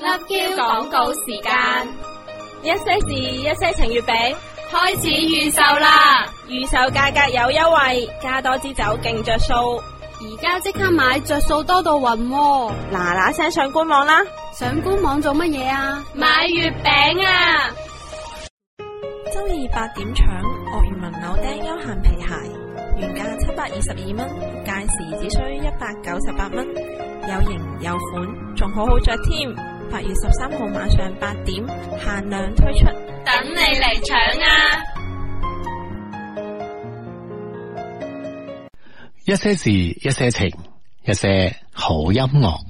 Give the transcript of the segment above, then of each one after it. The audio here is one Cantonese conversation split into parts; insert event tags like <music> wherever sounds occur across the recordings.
粒嬌廣告時間，一些事一些情月餅開始預售啦，預售價格有優惠，加多支酒勁着數，而家即刻買着數多到暈啊，嗱嗱聲上官網啦！上官網做乜嘢啊？買月餅啊！周二八點搶鱷魚紋扭釘休閒皮鞋，原價七百二十二蚊，屆時只需一百九十八蚊，有型有款，仲好好着添。八月十三號晚上八點限量推出，等你嚟搶啊！一些事，一些情，一些好音樂。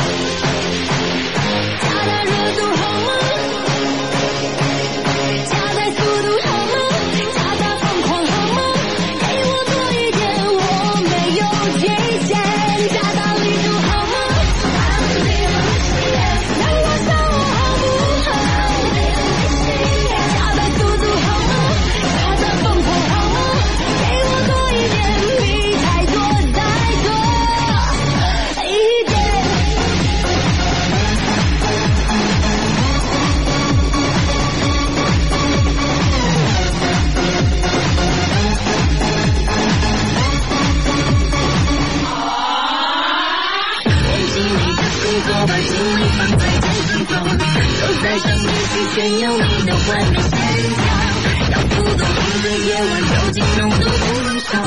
炫耀你的完美線條，要鼓動整個夜晚酒精濃度不能少。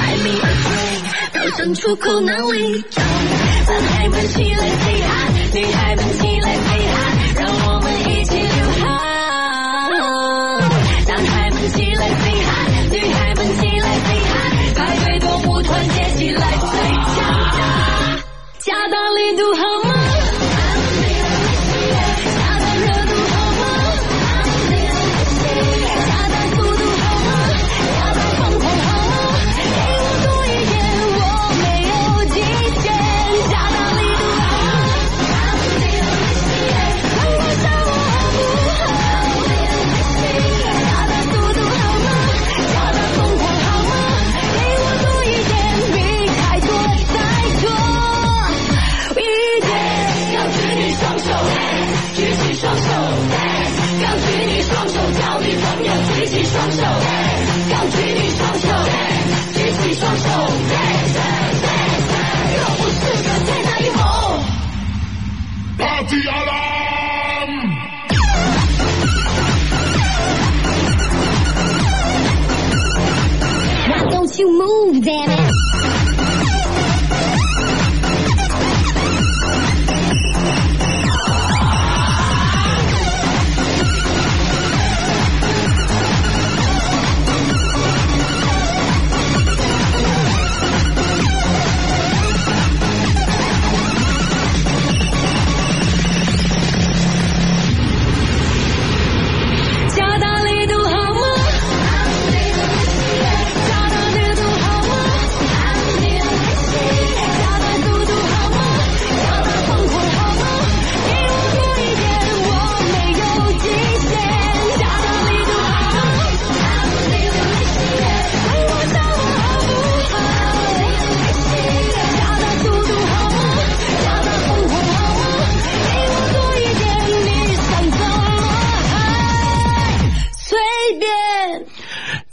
i 米 h 醉，me agree, 出口能力漲。男孩們起來背喊，女孩們起來背喊，讓我們一起流汗。男孩們起來背喊，女孩們起來背喊，派對動物團結起來最強大。加大力度好嗎？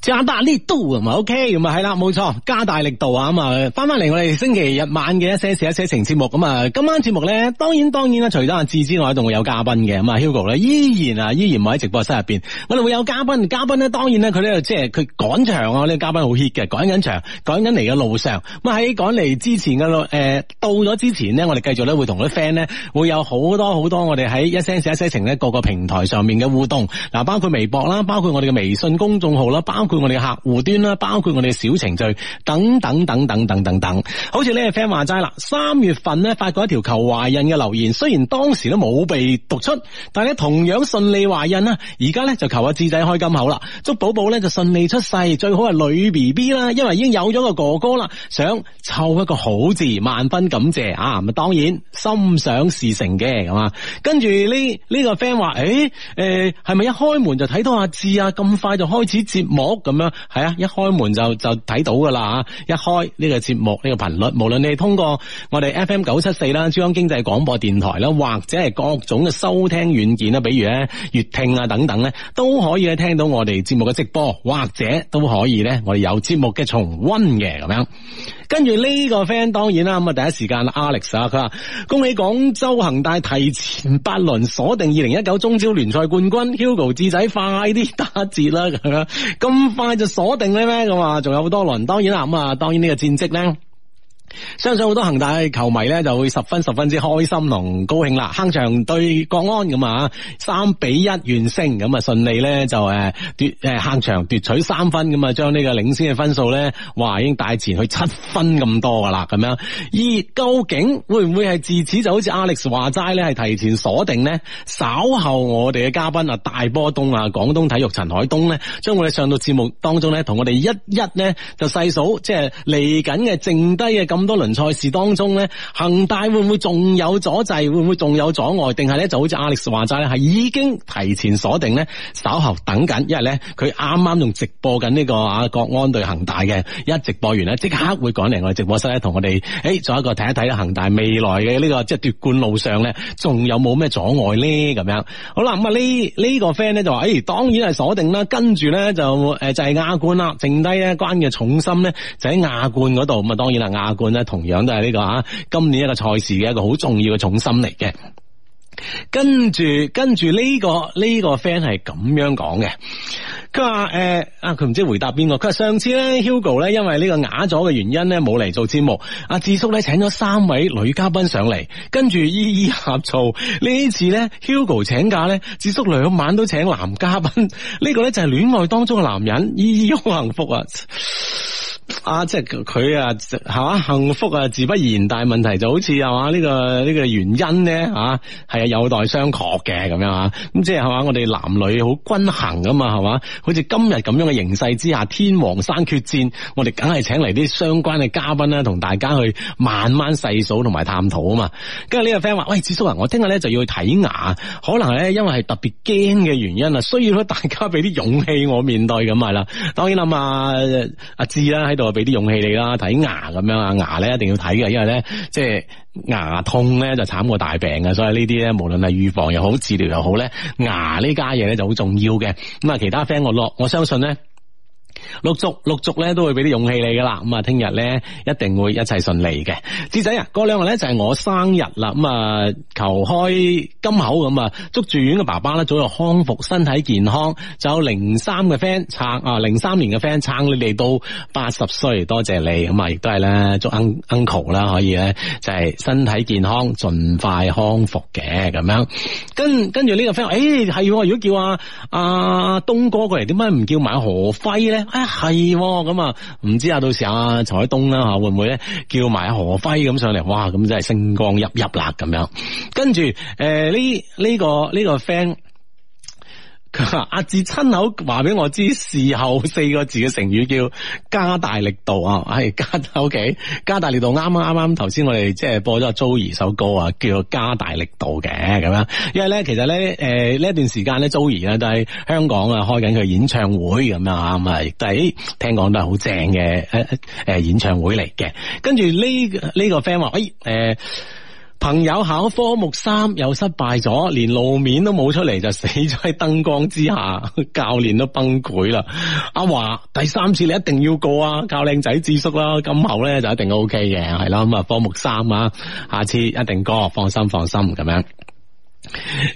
加大力度，係 OK，咁啊係啦，冇錯，加大力度啊咁啊！翻翻嚟，我哋星期日晚嘅一些事一些情節目咁啊！今晚節目咧，當然當然啦，除咗阿志之外，仲會有嘉賓嘅咁啊！Hugo 咧依然啊，依然唔喺直播室入邊。我哋會有嘉賓，嘉賓咧，當然咧，佢咧即係佢趕場啊！呢、這個嘉賓好 hit 嘅，趕緊場，趕緊嚟嘅路上。咁喺趕嚟之前嘅路，誒、呃，到咗之前呢，我哋繼續咧會同啲 friend 咧，會有好多好多我哋喺一些事一些情咧各個平台上面嘅互動。嗱，包括微博啦，包括我哋嘅微信公眾號啦，包括。我哋客戶端啦，包括我哋嘅小程序等，等等等等等等等，好似呢個 friend 話齋啦，三月份呢發過一條求懷孕嘅留言，雖然當時都冇被讀出，但係咧同樣順利懷孕啦，而家呢就求阿智仔開金口啦，祝寶寶呢就順利出世，最好係女 B B 啦，因為已經有咗個哥哥啦，想湊一個好字，萬分感謝啊！咁啊，當然心想事成嘅咁啊，跟住呢呢個 friend 話，誒、哎、誒，係咪一開門就睇到阿志啊？咁快就開始節目？咁樣係啊！一開門就就睇到噶啦吓，一開呢個節目呢個頻率，無論你係通過我哋 FM 九七四啦，珠江經濟廣播電台啦，或者係各種嘅收聽軟件啦，比如咧粵聽啊等等咧，都可以咧聽到我哋節目嘅直播，或者都可以咧我哋有節目嘅重温嘅咁樣。跟住呢個 friend 當然啦，咁啊第一時間 Alex 啊，佢話恭喜廣州恒大提前八輪鎖定二零一九中超聯賽冠軍，Hugo 智仔快啲打折啦，咁樣咁快就鎖定咧咩？咁啊，仲有好多輪，當然啦，咁啊，當然呢個戰績咧。相信好多恒大球迷咧就會十分十分之開心同高興啦，客場對國安咁啊，三比一完勝，咁啊順利咧就誒奪誒客場奪取三分，咁啊將呢個領先嘅分數咧哇已經帶前去七分咁多噶啦咁樣，而究竟會唔會係自此就好似 Alex 話齋咧係提前鎖定呢？稍後我哋嘅嘉賓啊大波東啊廣東體育陳海東咧，將會上到節目當中咧同我哋一一咧就細數即係嚟緊嘅剩低嘅咁多輪賽事當中咧，恒大會唔會仲有阻滯？會唔會仲有阻礙？定係咧就好似 Alex 話齋咧，係已經提前鎖定咧，稍後等緊。因為咧，佢啱啱仲直播緊呢個啊國安對恒大嘅，一直播完咧，即刻會趕嚟我哋直播室咧，同我哋誒、欸、做一個睇一睇啦。恒大未來嘅呢、這個即係奪冠路上咧，仲有冇咩阻礙呢？咁樣好啦，咁啊呢呢個 friend 咧就話誒、欸，當然係鎖定啦。跟住咧就誒就係、是、亞冠啦，剩低咧關嘅重心咧就喺亞冠嗰度。咁啊，當然啦，亞冠。同樣都係呢個啊，今年一個賽事嘅一個好重要嘅重心嚟嘅。跟住跟住呢、這個呢、這個 friend 係咁樣講嘅，佢話誒啊佢唔知回答邊個，佢話上次咧 Hugo 咧因為呢個啞咗嘅原因咧冇嚟做節目，阿智叔咧請咗三位女嘉賓上嚟，跟住依依呷醋。次呢次咧 Hugo 請假咧，智叔兩晚都請男嘉賓，這個、呢個咧就係、是、戀愛當中嘅男人依依好幸福啊，啊即係佢啊係嘛、啊、幸福啊自不言，但係問題就好似係嘛呢個呢、這個原因咧啊係。有待商榷嘅咁樣啊。咁即係吓，我哋男女好均衡噶嘛，係嘛？好似今日咁樣嘅形勢之下，天王山決戰，我哋梗係請嚟啲相關嘅嘉賓啦，同大家去慢慢細數同埋探討啊嘛。跟住呢個 friend 話，喂，智叔啊，我聽日咧就要去睇牙，可能咧因為係特別驚嘅原因啊，需要咗大家俾啲勇氣我面對咁係啦。當然啦，阿阿志啦喺度啊，俾啲勇氣你啦，睇牙咁樣啊，牙咧一定要睇嘅，因為咧即係。牙痛咧就慘過大病嘅，所以呢啲咧無論係預防又好，治療又好咧，牙呢家嘢咧就好重要嘅。咁啊，其他 friend 我落，我相信咧。陸續陸續咧都會俾啲勇氣你噶啦，咁啊聽日咧一定會一切順利嘅。志仔啊，過兩日咧就係我生日啦，咁啊求開金口咁啊，祝住院嘅爸爸咧早日康復，身體健康。就有零三嘅 friend 撐啊，呃、零三年嘅 friend 撐你哋到八十歲，多謝你，咁啊亦都係咧祝 un, uncle 啦可以咧就係身體健康，盡快康復嘅咁樣。跟跟住呢個 friend，誒係如果叫阿阿東哥過嚟，點解唔叫埋何輝咧？係咁啊，唔、哦、知啊，到時阿曹海東啦、啊、吓，會唔會咧叫埋何輝咁上嚟？哇，咁真係星光熠熠啦，咁樣。跟住誒，呢、啊、呢、呢個呢、呢個 friend。阿、啊、志親口話俾我知，事後四個字嘅成語叫加大力度啊，係、哎、加 OK，加大力度啱啱啱啱頭先我哋即係播咗 Zoey 首歌啊，叫做「加大力度」嘅咁樣，因為咧其實咧誒呢一、呃、段時間咧 Zoey 咧就係香港啊開緊佢演唱會咁樣啊，咁啊，亦都係聽講都係好正嘅誒誒演唱會嚟嘅，跟住呢呢個 friend 話誒誒。這個朋友考科目三又失敗咗，連路面都冇出嚟就死咗喺燈光之下，教練都崩潰啦。阿華第三次你一定要過啊，教靚仔支叔啦，今後咧就一定 OK 嘅，係啦咁啊科目三啊，下次一定過，放心放心咁樣。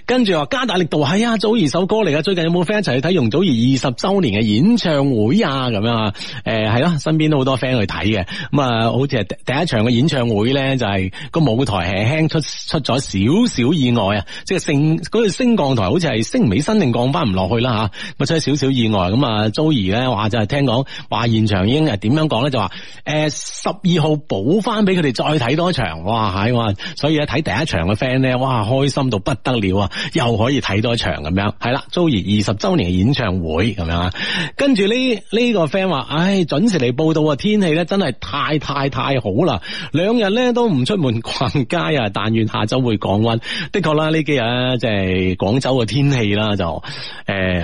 跟住話加大力度，係、哎、啊！祖兒首歌嚟噶，最近有冇 friend 一齊去睇容祖兒二十周年嘅演唱會啊？咁樣誒，係、呃、咯，身邊都好多 friend 去睇嘅。咁、嗯、啊，好似第一場嘅演唱會咧，就係、是、個舞台係輕出出咗少少意外啊！即係升、嗰個升降台好升，好似係升唔起身定降翻唔落去啦吓。咁、啊、出咗少少意外，咁、嗯、啊，祖兒咧，話就係聽講話現場已經誒點樣講咧，就話誒十二號補翻俾佢哋再睇多場。哇，係哇！所以咧睇第一場嘅 friend 咧，哇，開心到不～得了啊，又可以睇多場咁樣，係啦，周杰二十周年嘅演唱會咁樣。跟住呢呢個 friend 話，唉，準時嚟報道啊！天氣咧真係太太太好啦，兩日咧都唔出門逛街啊。但願下周會降溫。的確啦，幾呢幾日即係廣州嘅天氣啦，就誒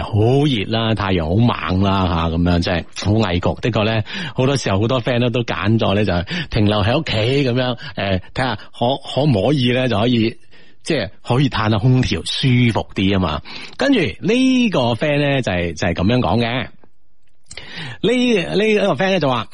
好熱啦，太陽好猛啦吓咁樣，即係好危局。的確咧，好多時候好多 friend 咧都揀咗咧就係停留喺屋企咁樣，誒睇下可可唔可以咧就可以。即係可以嘆下空調舒服啲啊嘛，跟住呢個 friend 咧就係就係咁樣講嘅，呢呢個 friend 咧就話。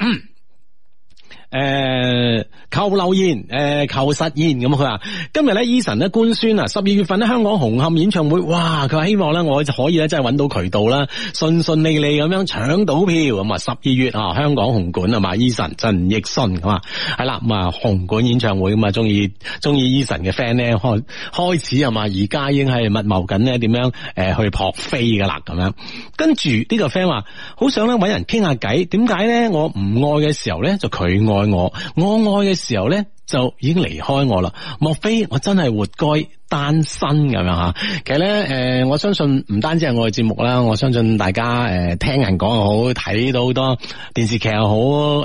誒、呃，求留言，誒、呃，求實現咁。佢話今日咧，Eason 咧官宣啊，十二月份咧香港紅磡演唱會，哇！佢話希望咧我就可以咧真係揾到渠道啦，順順利利咁樣搶到票。咁啊，十二月啊，香港紅館啊嘛，Eason 陳奕迅咁啊，係啦，咁、嗯、啊紅館演唱會咁啊，中意中意 Eason 嘅 friend 咧開開始啊嘛，而家已經係密謀緊咧點樣誒去撲飛噶啦咁樣。跟住呢個 friend 話，好想咧搵人傾下偈，點解咧我唔愛嘅時候咧就佢愛？我我愛嘅時候咧，就已經離開我啦。莫非我真係活該單身咁樣吓？其實咧，誒，我相信唔單止係我嘅節目啦，我相信大家誒，聽人講又好，睇到好多電視劇又好，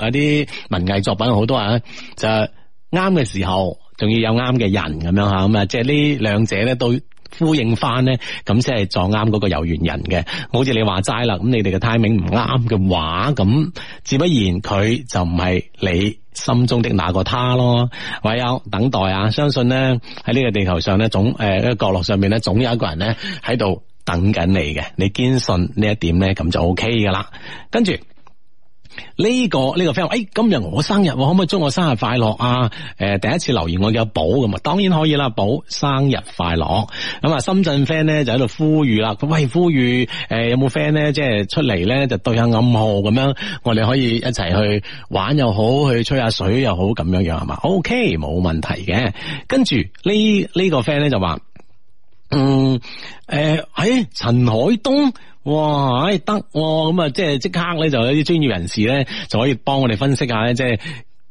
有啲文藝作品好多人就啱嘅時候，仲要有啱嘅人咁樣吓。咁啊，即係呢兩者咧都呼應翻咧，咁先係撞啱嗰個有緣人嘅。好似你話齋啦，咁你哋嘅 timing 唔啱嘅話，咁自不然佢就唔係你心中的那個他咯。唯有等待啊，相信咧喺呢個地球上咧，總誒一個角落上面咧，總有一個人咧喺度等緊你嘅。你堅信呢一點咧，咁就 OK 噶啦。跟住。呢個呢個 friend，誒，今日我生日，可唔可以祝我生日快樂啊？誒，第一次留言我有寶咁啊，當然可以啦，寶生日快樂。咁啊，深圳 friend 咧，就喺度呼籲啦，喂，呼籲，誒，有冇 friend 咧即係出嚟咧就對下暗號咁樣，我哋可以一齊去玩又好，去吹下水又好咁樣樣係嘛？OK，冇問題嘅。跟住呢呢個 friend 咧就話，嗯，誒喺陳海東。哇，哎、得喎，咁、哦、啊，即係即刻咧，就有啲專業人士咧，就可以幫我哋分析下咧，即係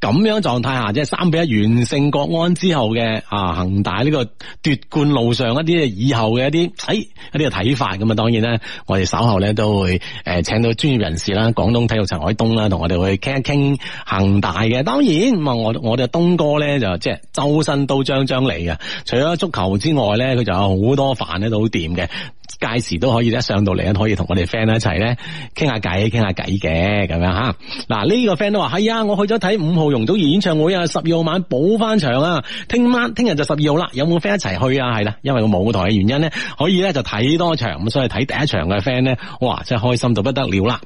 咁樣狀態下，即係三比一完勝國安之後嘅啊，恒大呢個奪冠路上一啲以後嘅一啲，哎，一啲嘅睇法咁啊，當然呢，我哋稍後咧都會誒，請到專業人士啦，廣東體育陳海東啦，同我哋去傾一傾恒大嘅。當然，啊，我我哋東哥咧就即係、就是、周身刀張張嚟嘅，除咗足球之外咧，佢就有好多飯咧都好掂嘅。屆時都可以一上到嚟咧，可以同我哋 friend 一齊咧傾下偈，傾下偈嘅咁樣吓。嗱呢個 friend 都話係啊，我去咗睇五號容祖兒演唱會啊，十二號晚補翻場啊。聽晚聽日就十二號啦，有冇 friend 一齊去啊？係啦，因為個舞台嘅原因咧，可以咧就睇多場咁，所以睇第一場嘅 friend 咧，哇真係開心到不得了啦！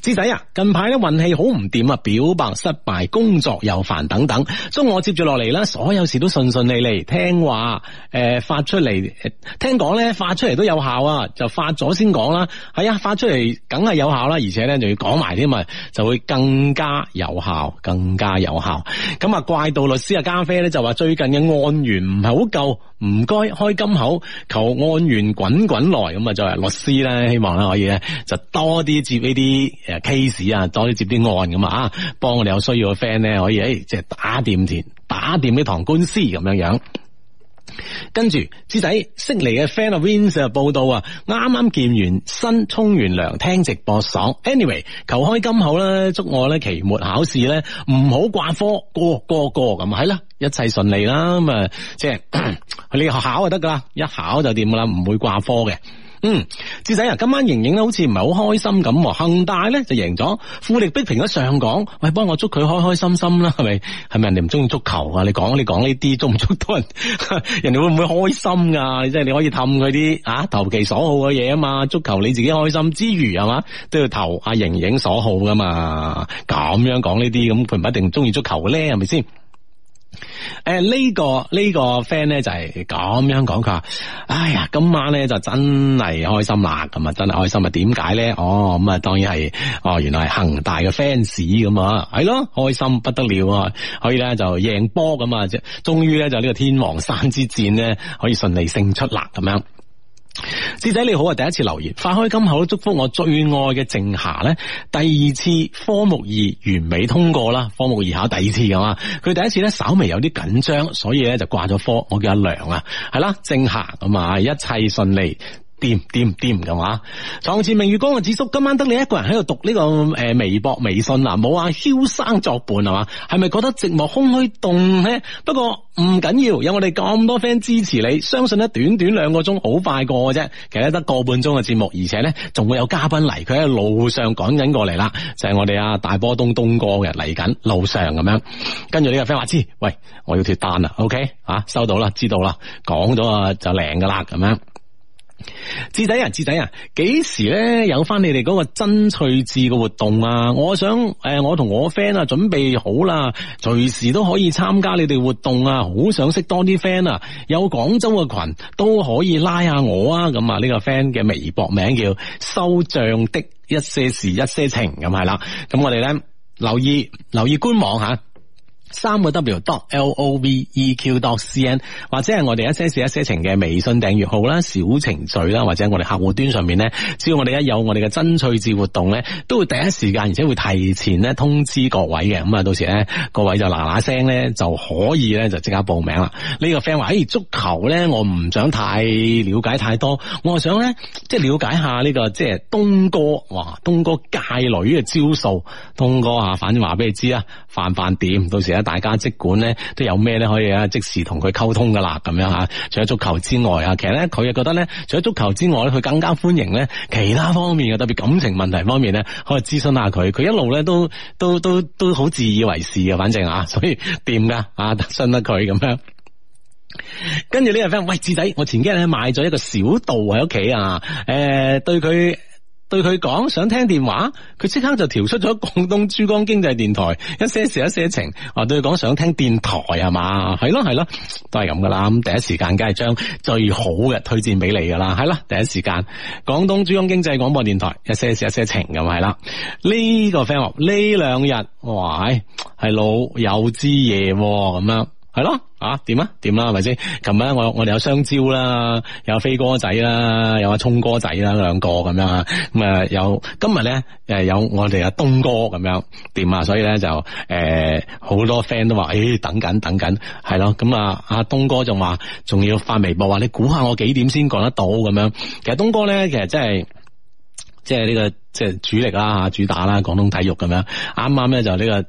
知仔啊，近排咧運氣好唔掂啊，表白失敗，工作又煩等等。所以我接住落嚟咧，所有事都順順利利。聽話，誒、呃，發出嚟，呃，聽講咧，發出嚟都有效啊。就發咗先講啦。係啊，發出嚟梗係有效啦，而且咧，仲要講埋添啊，就會更加有效，更加有效。咁啊，怪道律師啊，咖啡咧就話最近嘅案源唔係好夠。唔該，開金口求案源滾滾來。咁啊，作為律師咧，希望咧可以咧就多啲接呢啲誒 case 啊，多啲接啲案。咁啊，幫我哋有需要嘅 friend 咧可以誒即係打掂掂，打掂啲堂官司咁樣樣。跟住志仔悉尼嘅 fan of Wins 報道啊，啱啱健完身沖完涼，聽直播爽。Anyway，求開金口啦，祝我咧期末考試咧唔好掛科，個個個咁係啦，一切順利啦。咁啊，即係你考就得噶啦，一考就掂噶啦，唔會掛科嘅。嗯，志仔啊，今晚瑩瑩咧好似唔係好開心咁，恒大咧就贏咗，富力逼平咗上港，喂，幫我祝佢開開心心啦，係咪？係咪？人哋唔中意足球啊？你講你講呢啲，祝唔祝到人？人哋會唔會開心啊？即係你可以氹佢啲啊，投其所好嘅嘢啊嘛，足球你自己開心之餘係嘛，都要投阿瑩瑩所好噶嘛，咁樣講呢啲咁，佢唔一定中意足球咧，係咪先？誒、呢個，呢、呢個呢個 friend 咧就係咁樣講，佢話：哎呀，今晚咧就真係開心啦，咁啊真係開心啊！點解咧？哦，咁、嗯、啊當然係，哦原來係恆大嘅 fans 咁啊，係咯，開心不得了，可以咧就贏波咁啊，終於咧就呢個天王山之戰咧可以順利勝出啦，咁樣。志仔你好啊，第一次留言，發開金口祝福我最愛嘅靜霞呢第二次科目二完美通過啦，科目二考第二次㗎嘛，佢第一次呢稍微有啲緊張，所以呢就掛咗科，我叫阿梁啊，係啦，靜霞咁啊一切順利。掂掂掂嘅話，床前明月光嘅紫叔，今晚得你一個人喺度讀呢個誒微博微信啦，冇啊，蕭生作伴係啊嘛？係咪覺得寂寞空虛凍呢？不過唔緊要，有我哋咁多 friend 支持你，相信呢短短兩個鐘好快過嘅啫。其實得個半鐘嘅節目，而且呢仲會有嘉賓嚟，佢喺路上趕緊過嚟啦，就係我哋啊，大波東東哥嘅嚟緊路上咁樣。跟住呢個 friend 話知，喂，我要脱單啦，OK 啊？收到啦，知道啦，講咗啊就靚㗎啦，咁樣。志仔啊，志仔啊，幾時咧有翻你哋嗰個真趣智嘅活動啊？我想誒，我同我 friend 啊準備好啦，隨時都可以參加你哋活動啊！好想識多啲 friend 啊，有廣州嘅群都可以拉下我啊！咁啊，呢個 friend 嘅微博名叫收賬的一些事一些情咁係啦。咁我哋咧留意留意官網吓。三個 W dot L O V E Q dot C N 或者係我哋一些事一些情嘅微信訂閱號啦、小程序啦，或者是我哋客戶端上面咧，只要我哋一有我哋嘅真趣節活動咧，都會第一時間而且會提前咧通知各位嘅。咁啊，到時咧，各位就嗱嗱聲咧就可以咧就即刻報名啦。呢、這個 friend 話，誒、哎，足球咧，我唔想太了解太多，我想咧即係了解一下呢、這個即係東哥。哇，東哥界女嘅招數，東哥啊，反正話俾你知啊，范范點，到時啊。大家即管咧都有咩咧可以啊，即時同佢溝通噶啦，咁樣吓。除咗足球之外啊，其實咧佢又覺得咧，除咗足球之外咧，佢更加歡迎咧其他方面嘅，特別感情問題方面咧，可以諮詢下佢。佢一路咧都都都都好自以為是㗎。反正啊，所以掂噶啊，信得佢咁樣。跟住呢位 friend，喂，志仔，我前幾日咧買咗一個小道喺屋企啊，誒，對佢。對佢講想聽電話，佢即刻就調出咗廣東珠江經濟電台一些事一些情，話對佢講想聽電台係嘛，係咯係咯，都係咁噶啦。咁第一時間梗係將最好嘅推薦俾你噶啦，係啦，第一時間，最好推你第一時間廣東珠江經濟廣播電台一些事一些情咁係啦。呢個 friend 呢兩日喂，係老友知嘢咁樣。係咯，啊，點啊，點啦，啊，係咪先？琴晚我我哋有香蕉啦，有飛哥仔啦，有阿聰哥仔啦，兩個咁樣，咁、嗯、啊有今日咧，誒有我哋阿東哥咁樣，點啊？所以咧就誒好、呃、多 friend 都話，誒、哎、等緊等緊，係咯，咁、嗯、啊阿東哥仲話，仲要發微博話，你估下我幾點先講得到咁樣，嗯？其實東哥咧，其實真係即係呢個即係、就是這個就是、主力啦，主打啦，廣東體育咁樣，啱啱咧就呢、這個。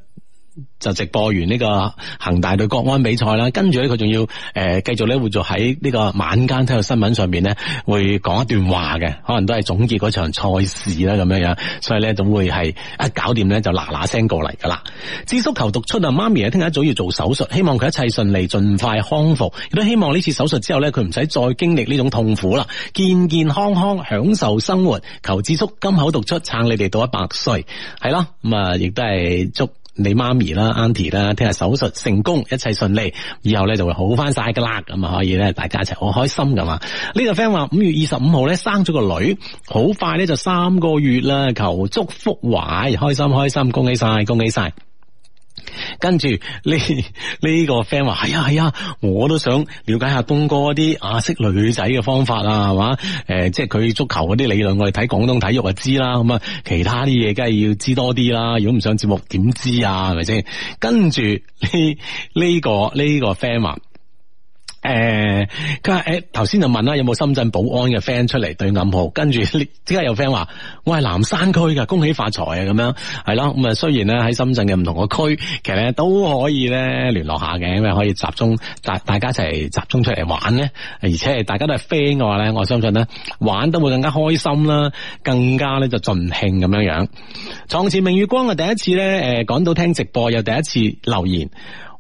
就直播完呢個恒大對國安比賽啦，跟住咧佢仲要誒、呃、繼續咧，會做喺呢個晚間體育新聞上面咧會講一段話嘅，可能都係總結嗰場賽事啦，咁樣樣，所以咧總會係一、啊、搞掂咧就嗱嗱聲過嚟噶啦。智叔求讀出啊，媽咪啊，聽日一早要做手術，希望佢一切順利，盡快康復。亦都希望呢次手術之後咧，佢唔使再經歷呢種痛苦啦，健健康康享受生活。求智叔金口讀出，撐你哋到一百歲係啦。咁啊，亦都係祝，你媽咪啦，Auntie 啦，聽日手術成功，一切順利，以後咧就會好翻晒噶啦，咁啊可以咧大家一齊好開心噶嘛。呢個 friend 話五月二十五號咧生咗個女，好快咧就三個月啦，求祝福懷，開心開心，恭喜晒，恭喜晒。跟住呢呢個 friend 話係啊係啊，我都想了解下東哥啲啊識女仔嘅方法啊，係嘛？誒、呃，即係佢足球嗰啲理論，我哋睇廣東體育就知啦。咁啊，其他啲嘢梗係要知多啲啦。如果唔上節目，點知啊？係咪先？跟住呢呢個呢個 friend 話。誒、欸，佢話誒，頭、欸、先就問啦，有冇深圳寶安嘅 friend 出嚟對暗號？跟住呢，即刻有 friend 話，我係南山區嘅，恭喜發財啊！咁樣係咯，咁啊，雖然咧喺深圳嘅唔同嘅區，其實咧都可以咧聯絡下嘅，因為可以集中大大家一齊集中出嚟玩咧，而且大家都係 friend 嘅話咧，我相信咧玩得會更加開心啦，更加咧就盡興咁樣樣。床前明月光嘅第一次咧誒，講到聽直播又第一次留言。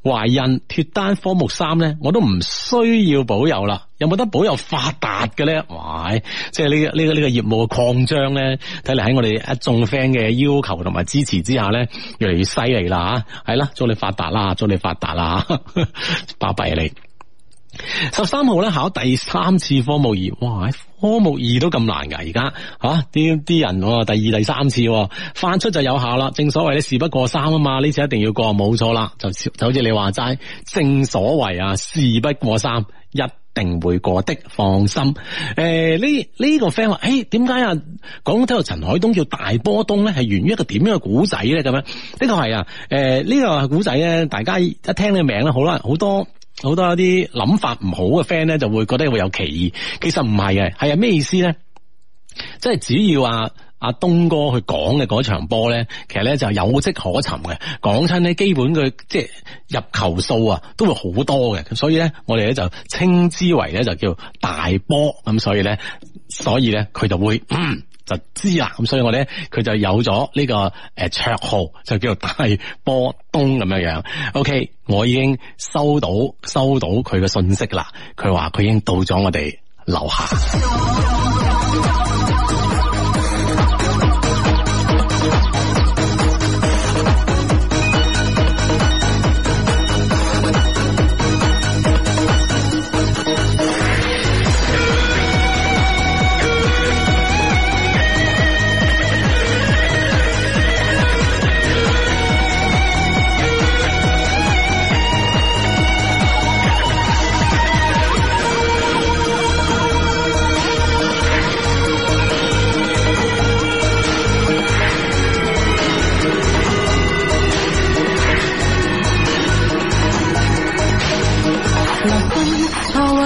懷孕脫單科目三咧，我都唔需要保佑啦。有冇得保佑發達嘅咧？哇！即係呢個呢個呢個業務嘅擴張咧，睇嚟喺我哋一眾 friend 嘅要求同埋支持之下咧，越嚟越犀利啦吓。係啦，祝你發達啦，祝你發達啦，巴閉你。十三號咧考第三次科目二，哇！科目二都咁難噶，而家吓啲啲人第二、第三次翻出就有效啦。正所謂咧，事不過三啊嘛，呢次一定要過，冇錯啦。就就好似你話齋，正所謂啊，事不過三，一定會過的，放心。誒、呃，呢、這、呢個 friend 話，誒、這個，點解啊講到陳海東叫大波東咧，係源於一個點樣嘅古仔咧？咁樣呢個係啊，誒、呃，呢、這個古仔咧，大家一聽呢個名咧，好啦，好多。多好多有啲諗法唔好嘅 friend 咧，就會覺得會有歧義。其實唔係嘅，係啊咩意思咧？即係只要阿阿東哥去講嘅嗰場波咧，其實咧就有迹可尋嘅。講親咧，基本佢即係入球數啊，都會好多嘅。所以咧，我哋咧就稱之為咧就叫大波。咁所以咧，所以咧佢就會。就知啦，咁所以我咧佢就有咗呢個誒綽號，就叫做大波東咁樣樣。OK，我已經收到收到佢嘅信息啦，佢話佢已經到咗我哋樓下。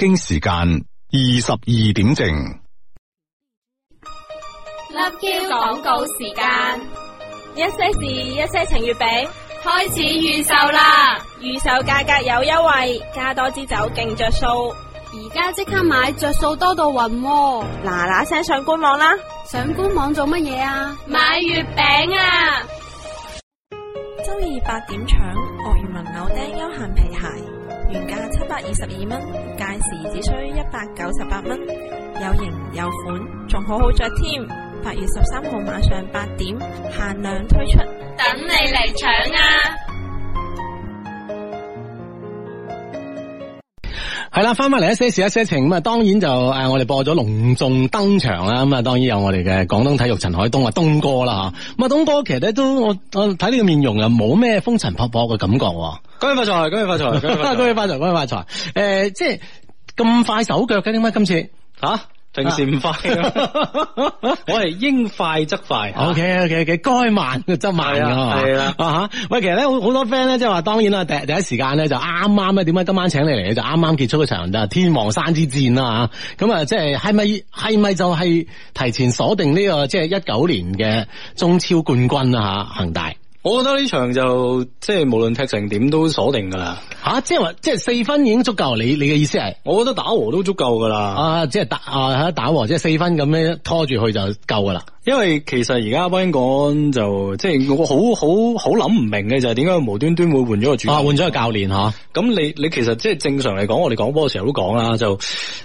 經時間二十二點正，love you 廣告時間，一些事一些情月餅開始預售啦，預售價格有優惠，加多支酒勁着數，而家即刻買着數多到暈啊，嗱嗱聲上官網啦！上官網做乜嘢啊？買月餅啊！周二八點搶鱷魚紋扭釘休閒皮鞋。原價七百二十二蚊，屆時只需一百九十八蚊，有型有款，仲好好着添。八月十三號晚上八點限量推出，等你嚟搶啊！係啦，翻翻嚟一些事一些情，咁啊當然就誒，我哋播咗隆重登場啦，咁啊當然有我哋嘅廣東體育陳海東啊東哥啦吓，咁啊東哥其實咧都我我睇呢個面容又冇咩風塵僕僕嘅感覺。恭喜發財，恭喜發財，恭喜發財， <laughs> 恭喜發財，誒、呃，即係咁快手腳嘅，點解今次吓？啊定時唔快，我係應快則快。OK OK OK，該慢嘅則慢係啦，吓，喂， <laughs> 其實咧，好好多 friend 咧，即係話，當然啦，第第一時間咧就啱啱咧，點解今晚請你嚟咧，就啱啱結束嗰場，就天王山之戰啦吓。咁啊、就是，即係係咪係咪就係提前鎖定呢、個即係一九年嘅中超冠軍啊？吓，恒大。我覺得呢場就即係無論踢成點都鎖定噶啦吓，即係話即係四分已經足夠。你你嘅意思係？我覺得打和都足夠噶啦。啊，即係打啊，打和即係四分咁樣拖住去就夠噶啦。因為其實而家溫講，就即、是、係我好好好諗唔明嘅，就係點解佢無端端會換咗個主啊換咗個教練吓，咁你你，其實即係正常嚟講，我哋講波嘅時候都講啦，就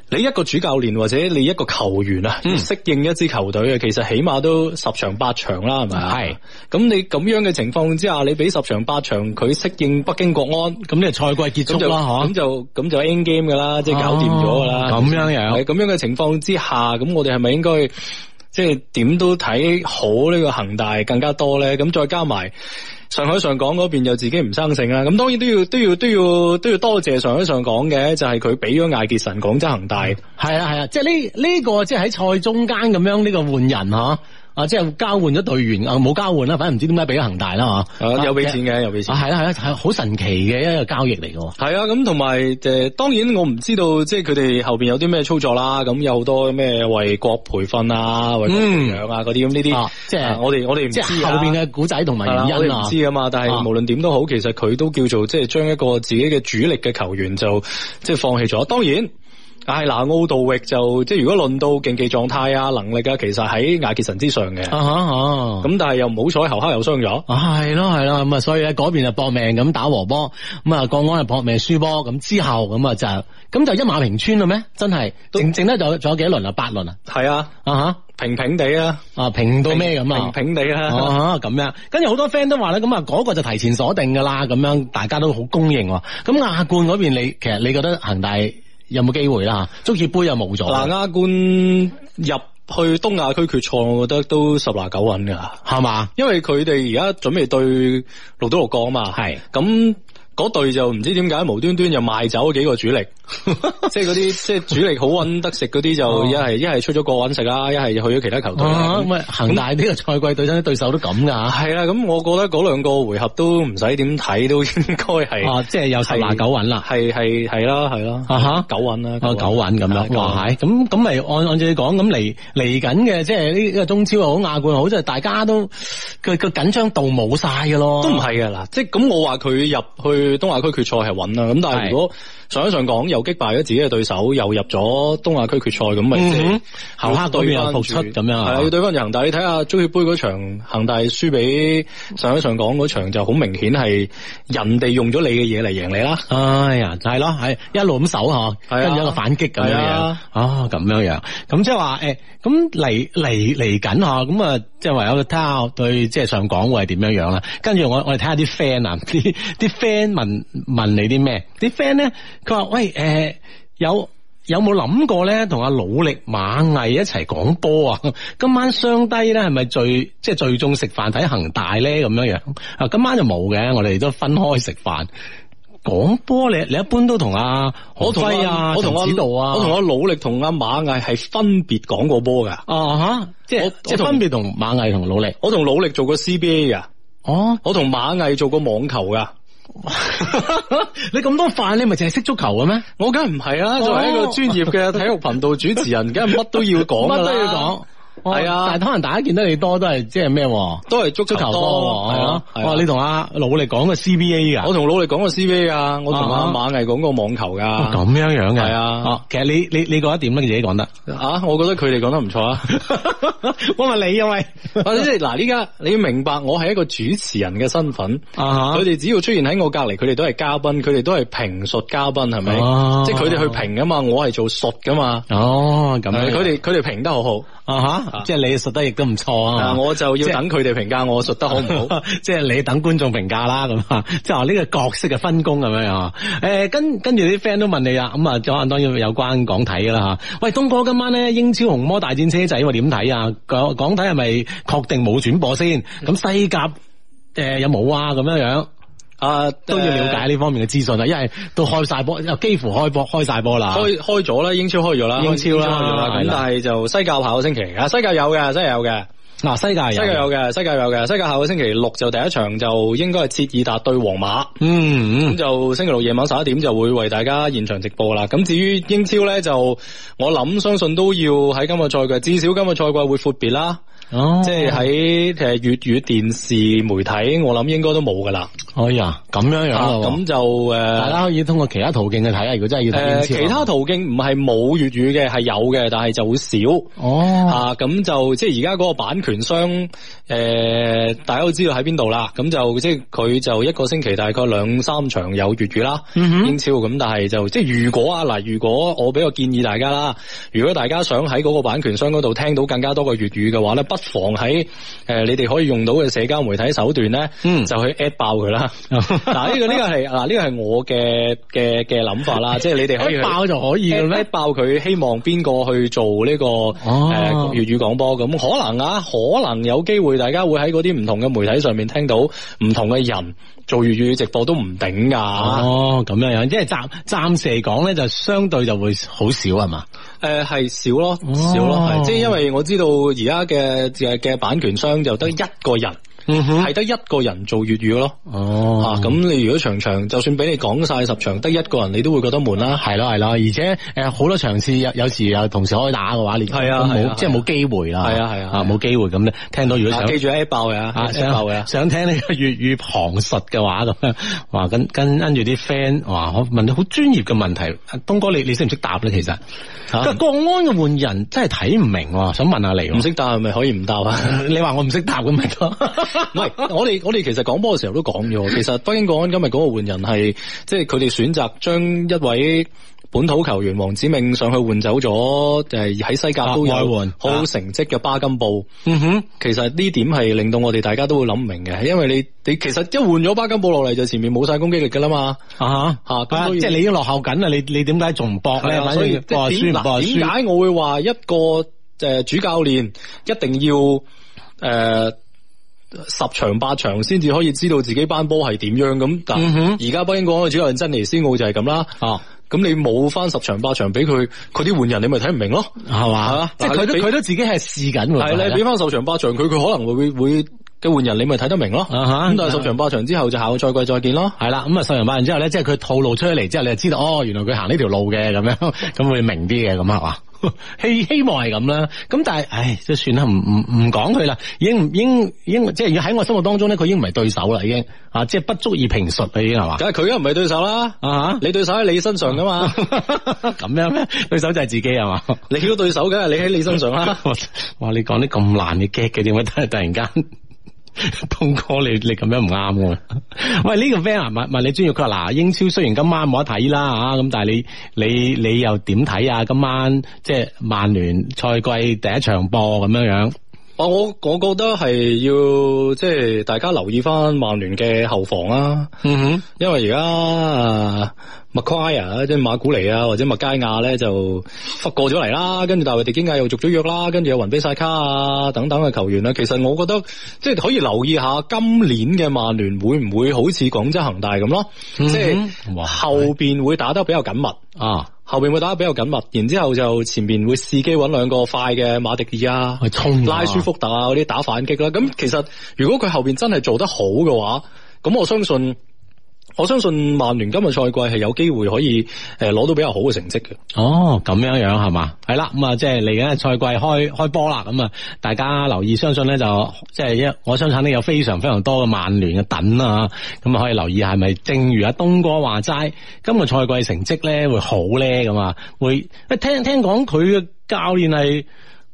你一個主教練或者你一個球員啊適應一支球隊啊、嗯，其實起碼都十場八場啦，係咪係咁你？咁樣嘅情況之下，你俾十場八場佢適應北京國安，咁你賽季結束啦，咁就咁、啊、就，就，就 end game 噶啦，即係搞掂咗噶啦，咁樣咁樣嘅情況之下，咁我哋係咪應該？即係點都睇好呢個恒大更加多咧，咁再加埋上，上海上港嗰邊又自己唔生性啦，咁當然都要都要都要都要多謝上海上港嘅，就係佢俾咗艾傑神廣州恒大，係啊係啊，即係呢呢個即係喺賽中間咁樣呢、呢個換人，啊啊，即係交換咗隊員啊，冇交換啦，反正唔知點解俾咗恒大啦，吓、啊啊，有俾錢嘅、啊，有俾錢，係啦係啦，係好神奇嘅一個交易嚟嘅。係啊，咁同埋誒，當然我唔知、嗯啊啊、知道，即係佢哋後邊有啲咩操作啦。咁有好多咩為國培訓啊，或者培養啊嗰啲咁呢啲，即係我哋我哋唔知後後邊嘅古仔同埋原因我哋唔知啊嘛。但係無論點都好，其實佢都叫做即係將一個自己嘅主力嘅球員就即係放棄咗。當然。但係嗱，奧、啊、道域就即係如果論到競技狀態啊、能力啊，其實喺亞杰神之上嘅。咁、啊啊、但係又唔好彩，後刻又傷咗。係、啊、咯，係咯，咁啊，所以喺嗰邊就搏命咁打和波，咁啊，國安係搏命輸波，咁之後咁啊就，咁就一馬平川啦咩？真係，整整咧，仲仲有，有幾輪啊？八輪啊？係啊，啊哈，平平地啊，啊平到咩咁啊？平平地啊，咁、啊、樣。跟住好多 friend 都話咧，咁啊嗰個就提前鎖定噶啦，咁樣大家都好公認。咁、啊、亞冠嗰邊，你其實你覺得恒大？有冇機會啦？足協杯又冇咗。嗱，亞冠入去東亞區決賽，我覺得都十拿九穩噶，係嘛？因為佢哋而家準備對鹿島鹿角啊嘛，係咁。嗰隊就唔知點解無端端又賣走幾個主力，即係嗰啲，即係主力好揾得食嗰啲就一係一係出咗國搵食啦，一係去咗其他球隊。咁啊，恒大呢個賽季對陣啲對手都咁噶，係啦。咁、啊、我覺得嗰兩個回合都唔使點睇，都應該係、啊，即係又係十拿九穩啦。係係係啦，係咯、啊，九穩啦，九穩咁樣。咁咁咪按按照你講咁嚟，嚟緊嘅，即係呢個中超又好，亞冠好，即係大家都佢佢緊張度冇晒嘅咯。都唔係噶啦，即係咁我話佢入去。東亞區決賽係穩啦，咁但係如果上海上港又擊敗咗自己嘅對手，又入咗東亞區決賽，咁咪即係後刻對翻七咁樣係對翻恒大。你睇下足協杯嗰場恒大輸俾上海上港嗰場，就好明顯係人哋用咗你嘅嘢嚟贏你啦。哎呀，就係咯，係一路咁守下、啊，跟住一個反擊咁樣樣，啊咁、哦、樣樣。咁即係話誒，咁嚟嚟嚟緊嗬，咁啊，即係話有個睇下我看看我對即係上港會係點樣樣啦。跟住我我嚟睇下啲 friend 啊，啲啲 friend。問問你啲咩？啲 friend 咧，佢話喂，誒、欸，有有冇諗過咧，同阿努力、螞蟻一齊講波啊？今晚雙低咧，係咪最即係最終食飯睇恒大咧？咁樣樣啊？今晚就冇嘅，我哋都分開食飯講波。你你一般都同阿我同阿我同指導啊，我同阿，阿努力同阿螞蟻係分別講過波㗎。啊、uh-huh？吓，即係即係分別同螞蟻同努力。我同努力做過 C B A 㗎，哦、oh，我同螞蟻做過網球㗎。 <laughs> 你咁多飯，你咪淨係識足球嘅咩？我梗係唔係啦，作為一個專業嘅體育頻道主持人，梗係乜都要講噶啦。乜都要講係、哦、啊，但係可能大家見得你多都係即係咩，都係足球多係咯。哇、哦啊啊哦，你同阿老李講個 CBA 啊？老李過 CBA 我同老李講個 CBA 啊？我同阿馬毅講個網球噶，咁樣樣嘅係啊、哦。其實你你你覺得點樣，你自己講得啊？我覺得佢哋講得唔錯啊。 <laughs> <laughs> 我問你因為或者即係嗱，依 <laughs> 家你要明白，我係一個主持人嘅身份。佢、啊、哋只要出現喺我隔籬，佢哋都係嘉賓，佢哋都係評述嘉賓，係咪？即係佢哋去評噶嘛，我係做述噶嘛。哦，咁佢哋佢哋評得好好。Uh-huh，啊哈！即係你熟得亦都唔錯啊！我就要等佢哋評價我熟得好唔好？ <laughs> 即係你等觀眾評價啦咁啊！ <laughs> 即係話呢個角色嘅分工咁樣樣。誒、欸，跟跟住啲 friend 都問你啊，咁啊，咁當然有關港體啦吓。喂，東哥，今晚咧英超紅魔大戰車仔，我點睇啊？港港體係咪確定冇轉播先？咁西甲誒有冇啊？咁樣樣。啊，都要了解呢方面嘅資訊啦，因為都開晒波，又幾乎開波，開晒波啦，所以開開咗啦，英超開咗啦，英超啦，咁但係就西甲下個星期，啊，西甲有嘅，真係有嘅，嗱，西甲，西甲有嘅，西甲有嘅，西甲下個星期六就第一場就應該係切爾達對皇馬，嗯,嗯，咁就星期六夜晚十一點就會為大家現場直播啦，咁至於英超咧就我諗相信都要喺今個賽季，至少今個賽季會闊別啦。哦，即係喺誒粵語電視媒體，我諗應該都冇噶啦。可以咁樣、啊、樣咁就誒、呃，大家可以通過其他途徑去睇下。如果真係要睇、呃，其他途徑唔係冇粵語嘅，係有嘅，但係就好少。哦，吓、啊、咁就即係而家嗰個版權商誒、呃，大家都知道喺邊度啦。咁就即係佢就一個星期大概兩三場有粵語啦。嗯哼，英超咁，但係就即係如果啊嗱，如果我俾個建議大家啦，如果大家想喺嗰個版權商嗰度聽到更加多個粵語嘅話咧，不妨喺誒你哋可以用到嘅社交媒體手段咧，就去 at 爆佢啦。嗱，呢個呢個係嗱呢個係我嘅嘅嘅諗法啦，即係你哋可以爆就可以嘅咩？at 爆佢希望邊個去做呢個誒粵語廣播？咁可能啊，可能有機會大家會喺嗰啲唔同嘅媒體上面聽到唔同嘅人。做粵語直播都唔頂㗎哦，咁樣樣。即係暫暫時嚟講咧，就相對就會好少係嘛？誒，係、呃、少咯、哦，少咯，係即係因為我知道而家嘅嘅版權商就得一個人。嗯，係得一個人做粵語咯。哦、啊，咁你如果場場就算俾你講晒十場，得一個人你都會覺得悶啦。係啦，係啦，而且誒好、呃、多場次有有時又同時可以打嘅話，你係啊，冇即係冇機會啦。係啊，係啊，冇機會咁咧，聽到如果想、啊、記住 A 爆，的爆的啊，想爆嘅，想聽呢個粵語旁述嘅話咁樣，哇跟跟跟住啲 friend 哇，我問你好專業嘅問題，東哥你你識唔識答咧？其實，即、啊、國安嘅換人真係睇唔明，想問下你。唔識答係咪可以唔答啊？ <laughs> 你話我唔識答咁咪得？唔 <laughs> 係，我哋我哋其實講波嘅時候都講咗。其實北京國安今日嗰個換人係，即係佢哋選擇將一位本土球員王子銘上去換走咗。誒、就、喺、是、西甲都有好成績嘅巴金布。哼、啊，其實呢點係令到我哋大家都會諗唔明嘅，因為你你其實一換咗巴金布落嚟就前面冇晒攻擊力㗎啦嘛。啊嚇、啊啊，即係你已經落後緊啦，你你點解仲唔搏咧？所以點點解我會話一個誒、呃、主教練一定要誒、呃十場八場先至可以知道自己班波係點樣咁，但而家北京港嘅主教練真尼斯奧就係咁啦。啊，咁你冇翻十場八場俾佢，佢啲換人你咪睇唔明咯，係、啊、嘛？即係佢都佢都自己係試緊。係你俾翻十場八場佢，佢可能會會會嘅換人你咪睇得明咯。咁、啊、但係十場八場之後就下個賽季再見咯，係啦。咁啊十場八場之後咧，即係佢套路出嚟之後，你就知道哦，原來佢行呢條路嘅咁樣，咁會明啲嘅咁啊。希希望係咁啦，咁但係，唉，即係算啦，唔唔唔講佢啦，已經，已經，已經，即係喺我心目當中咧，佢已經唔係對手啦，已經，啊，即係不足以評述啦，已經係嘛？梗係佢唔係對手啦，啊，你對手喺你身上噶嘛？咁 <laughs> 樣咩？對手就係自己係嘛？你叫對手梗係你喺你身上啦。哇，你講啲咁難嘅嘅點解突然間？ <laughs> 東哥，你你咁樣唔啱嘅。 <laughs> 喂，呢、這個 van 啊，問問你專業佢話嗱，英超雖然今晚冇得睇啦吓，咁但係你你你又點睇啊？今晚即係曼聯賽季第一場波咁樣樣。我我我覺得係要即係、就是、大家留意返曼聯嘅後防啦、啊。嗯哼，因為而家誒。Maguire 啊，即係馬古尼啊，或者麥佳亞咧就發過咗嚟啦，跟住大衛迪基亞又續咗約啦，跟住有雲比薩卡啊等等嘅球員啦。其實我覺得即係、就是、可以留意下今年嘅曼聯會唔會好似廣州恆大咁咯，即、嗯、係、就是、後邊會打得比較緊密啊，後邊會打得比較緊密，然之後就前邊會伺機搵兩個快嘅馬迪爾啊，拉舒福特啊嗰啲打反擊啦。咁其實如果佢後邊真係做得好嘅話，咁我相信。我相信曼聯今日賽季係有機會可以誒攞到比較好嘅成績嘅。哦，咁樣樣係嘛？係啦，咁啊，即係嚟緊賽季開開波啦。咁啊，大家留意，相信咧就即係一，就是，我相信呢有非常非常多嘅曼聯嘅躉啊。咁啊，可以留意係咪正如阿東哥話齋，今日賽季成績咧會好咧，咁啊，會誒聽聽講佢嘅教練係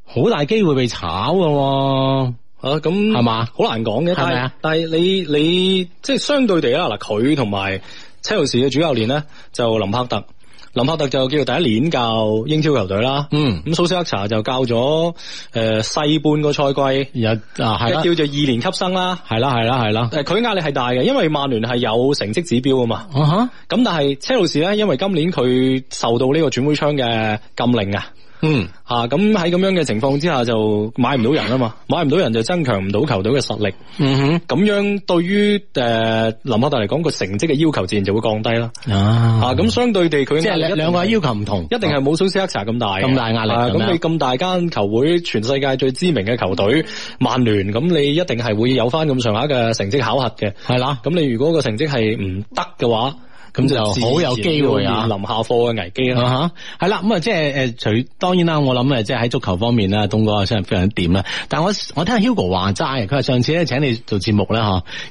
好大機會被炒嘅喎，啊。啊，咁係嘛，好難講嘅。但係但係你你即係、就是、相對地啦，嗱佢同埋車路士嘅主教練咧就林柏特，林柏特就叫做第一年教英超球隊啦。嗯，咁蘇斯克查就教咗誒細半個賽季，又啊係啦，叫做二年級生啦。係啦，係啦，係啦，誒佢壓力係大嘅，因為曼聯係有成績指標啊嘛。咁、uh-huh? 但係車路士咧，因為今年佢受到呢個轉會窗嘅禁令啊。嗯，吓咁喺咁樣嘅情況之下就買唔到人啊嘛，買唔到人就增強唔到球隊嘅實力。嗯哼，咁樣對於誒、呃、林克達嚟講個成績嘅要求自然就會降低啦。啊、咁、啊、相對地佢即係兩個要求唔同，一定係冇蘇斯克查咁大咁、哦啊、大壓力。咁你咁大間球會，全世界最知名嘅球隊曼聯，咁你一定係會有翻咁上下嘅成績考核嘅。係啦，咁你如果個成績係唔得嘅話。咁就好有機會呀、啊，臨、啊、下課嘅危機呀，係啦，咁啊，即係誒，除當然啦，我諗誒，即係喺足球方面啦，東哥真係非常掂啦。但係我我聽 Hugo 話齋，佢話上次咧請你做節目咧，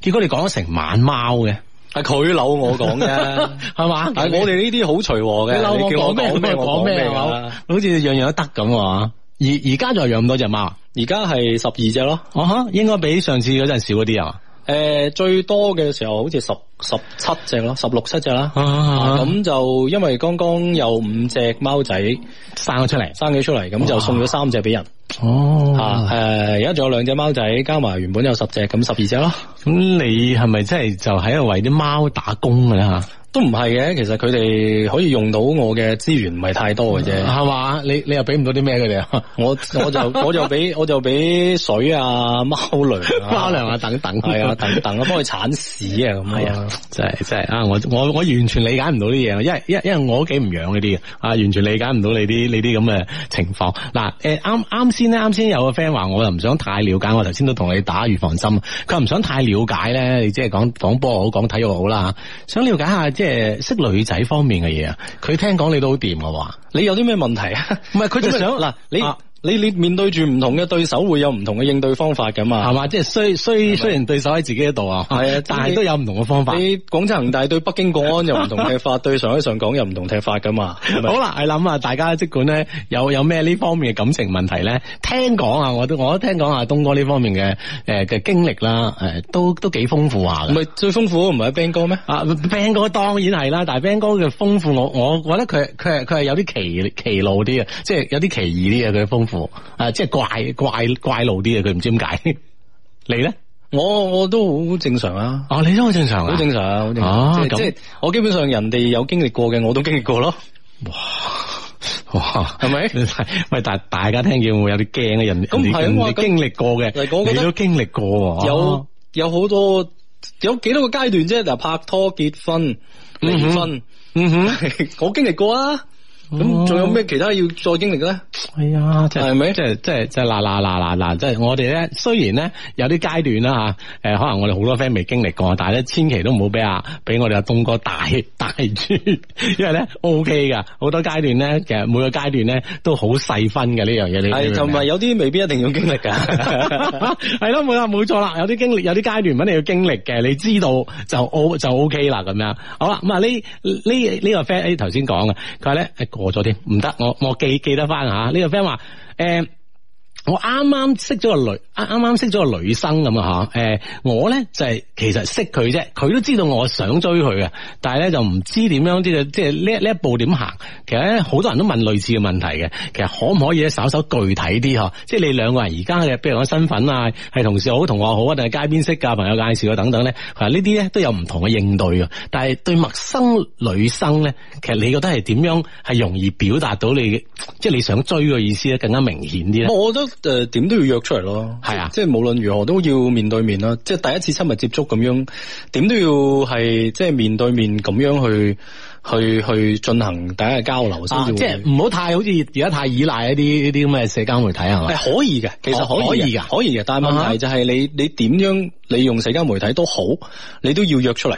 結果你講咗成晚貓嘅，係佢扭我講啫，係 <laughs> 嘛？我哋呢啲好隨和嘅，你講咩我講咩啦， <laughs> 好似樣樣都得咁喎。而而家仲係養咁多隻貓，而家係十二隻囉，嚇、uh-huh.，應該比上次嗰陣少嗰啲呀。誒，最多嘅時候好似十十七隻咯，十六七隻啦。咁、啊、就、啊、因為剛剛有五隻貓仔生咗出嚟，生咗出嚟，咁就送咗三隻俾人。哦，誒、啊，而家仲有兩隻貓仔，加埋原本有十隻，咁十二隻咯。咁、啊、你係咪真係就喺度為啲貓打工嘅啦？都唔係嘅，其實佢哋可以用到我嘅資源唔係太多嘅啫，係、嗯、嘛？你你又俾唔到啲咩佢哋啊？我就我就我就俾我就俾水啊，貓糧貓糧啊，等等係啊，等等 <laughs> 幫啊，幫佢鏟屎啊咁啊，真係真係啊！我我我完全理解唔到啲嘢，因為因因為我幾唔養呢啲啊，完全理解唔到你啲你啲咁嘅情況。嗱、嗯、誒，啱啱先咧，啱先有個 friend 話，我又唔想太了解，我頭先都同你打預防針，佢唔想太了解咧，你即係講講波好講體育好啦，想了解下。即係識女仔方面嘅嘢啊。佢聽講你都好掂啊，話，你有啲咩問題啊？唔係，佢就想嗱你。你你面對住唔同嘅對手，會有唔同嘅應對方法嘅嘛？係嘛？即係雖雖雖然對手喺自己度啊，係啊，但係都有唔同嘅方法。你廣州恒大對北京國安又唔同踢法， <laughs> 對上海上港又唔同踢法嘅嘛？好啦，我諗啊，大家即管咧有有咩呢方面嘅感情問題咧？聽講、呃呃、啊，我都我都聽講啊，東哥呢方面嘅誒嘅經歷啦，誒都都幾豐富下嘅。唔係最豐富唔係 Ben 哥咩？啊，Ben 哥當然係啦，但係 Ben 哥嘅豐富，我我覺得佢佢係佢係有啲歧奇路啲嘅，即係、就是、有啲奇異啲嘅佢嘅豐富。啊，即係怪怪怪路啲嘅，佢唔知點解。你咧，我我都好正常啊。啊，你都好正常，啊，好正常。啊，即係我基本上人哋有經歷過嘅，我都經歷過咯。哇哇，係咪？喂，但係大家聽見會唔會有啲驚嘅人？咁唔係啊嘛，經歷過嘅，你都經歷過有。有有好多有幾多個階段啫，嗱、啊，拍拖、結婚、離婚嗯，嗯哼，我經歷過啊。咁仲有咩其他要再經歷嘅咧？係、哎、啊，即係係咪？即係即係即係嗱嗱嗱嗱嗱！即係我哋咧，雖然咧有啲階段啦，嚇，誒、啊，可能我哋好多 friend 未經歷過，但係咧千祈都唔好俾阿俾我哋阿東哥大大住，因為咧 O K 噶，好、OK、多階段咧，其實每個階段咧都好細分嘅呢樣嘢。係，同埋有啲未必一定用經 <laughs> <laughs> 經必要經歷嘅，係咯，冇啦，冇錯啦，有啲經歷有啲階段肯定要經歷嘅，你知道就 O 就 O K 啦咁樣。好啦，咁啊、那個、呢呢呢個 friend A 頭先講嘅，佢話咧過咗添唔得，我我記記得翻吓呢個 friend 話誒。呃我啱啱識咗個女啱啱識咗個女生咁啊吓，誒我咧就係其實識佢啫，佢都知道我想追佢嘅，但係咧就唔知點樣啲即係呢呢一步點行？其實好多人都問類似嘅問題嘅，其實可唔可以稍稍具體啲吓？即係你兩個人而家嘅譬如講身份啊，係同事好、同學好啊，定係街邊識啊、朋友介紹啊等等咧，其實呢啲咧都有唔同嘅應對嘅。但係對陌生女生咧，其實你覺得係點樣係容易表達到你嘅即係你想追嘅意思咧，更加明顯啲咧？我都。誒、呃，點都要約出嚟咯係啊，即係無論如何都要面對面囉。即係第一次親密接觸咁樣，點都要係即係面對面咁樣去去去進行大家嘅交流先，啊。即係唔好太好似而家太依賴一啲呢啲咁嘅社交媒體係嘛？係可以嘅，其實可以，嘅，哦，可以嘅。但係問題就係你你點樣利用社交媒體都好，你都要約出嚟。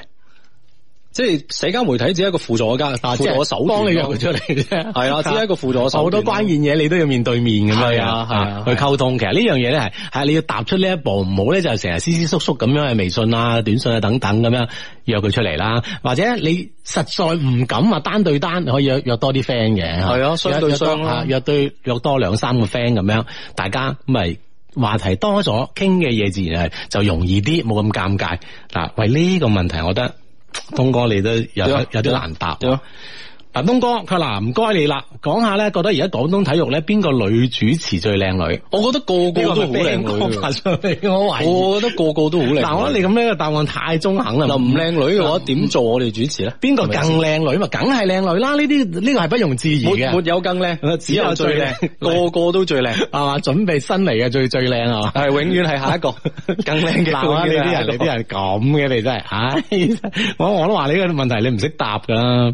即係社交媒體只係一個輔助家，輔我手幫你約佢出嚟啫。係啊，只係一個輔助手。好、啊、多關鍵嘢你都要面對面咁樣係啊，去溝通。其實呢樣嘢咧係係你要踏出呢一步，唔好咧就成日斯斯縮縮咁樣嘅微信啊、短信啊等等咁樣約佢出嚟啦。或者你實在唔敢啊，單對單，可以約，約多啲 friend 嘅。係啊，相對上啊，約對約，約，約，約多兩三個 friend 咁樣，大家咁咪話題多咗，傾嘅嘢自然係就容易啲，冇咁尷尬。嗱、啊，為呢個問題，我覺得。東哥，你都有有啲難答。嗱，東哥佢嗱唔該你啦，講下咧，覺得而家廣東體育咧邊個女主持最靚女？我覺得個個，個都好靚女。我上我覺得個個都好靚。嗱， <laughs> 我覺得你咁樣嘅答案太中肯啦。嗱，唔靚女嘅話，點做我哋主持咧？邊個更靚女嘛？梗係靚女啦！呢啲呢個係不容置疑嘅。沒有更靚，只有最靚， <laughs> 個個都最靚係嘛？準備新嚟嘅最最靚啊！係 <laughs> 永遠係下一個 <laughs> 更靚嘅。嗱， <laughs> 你啲人你啲人咁嘅你真係，啊、 <laughs> 我我都話你個問題你，你唔識答噶。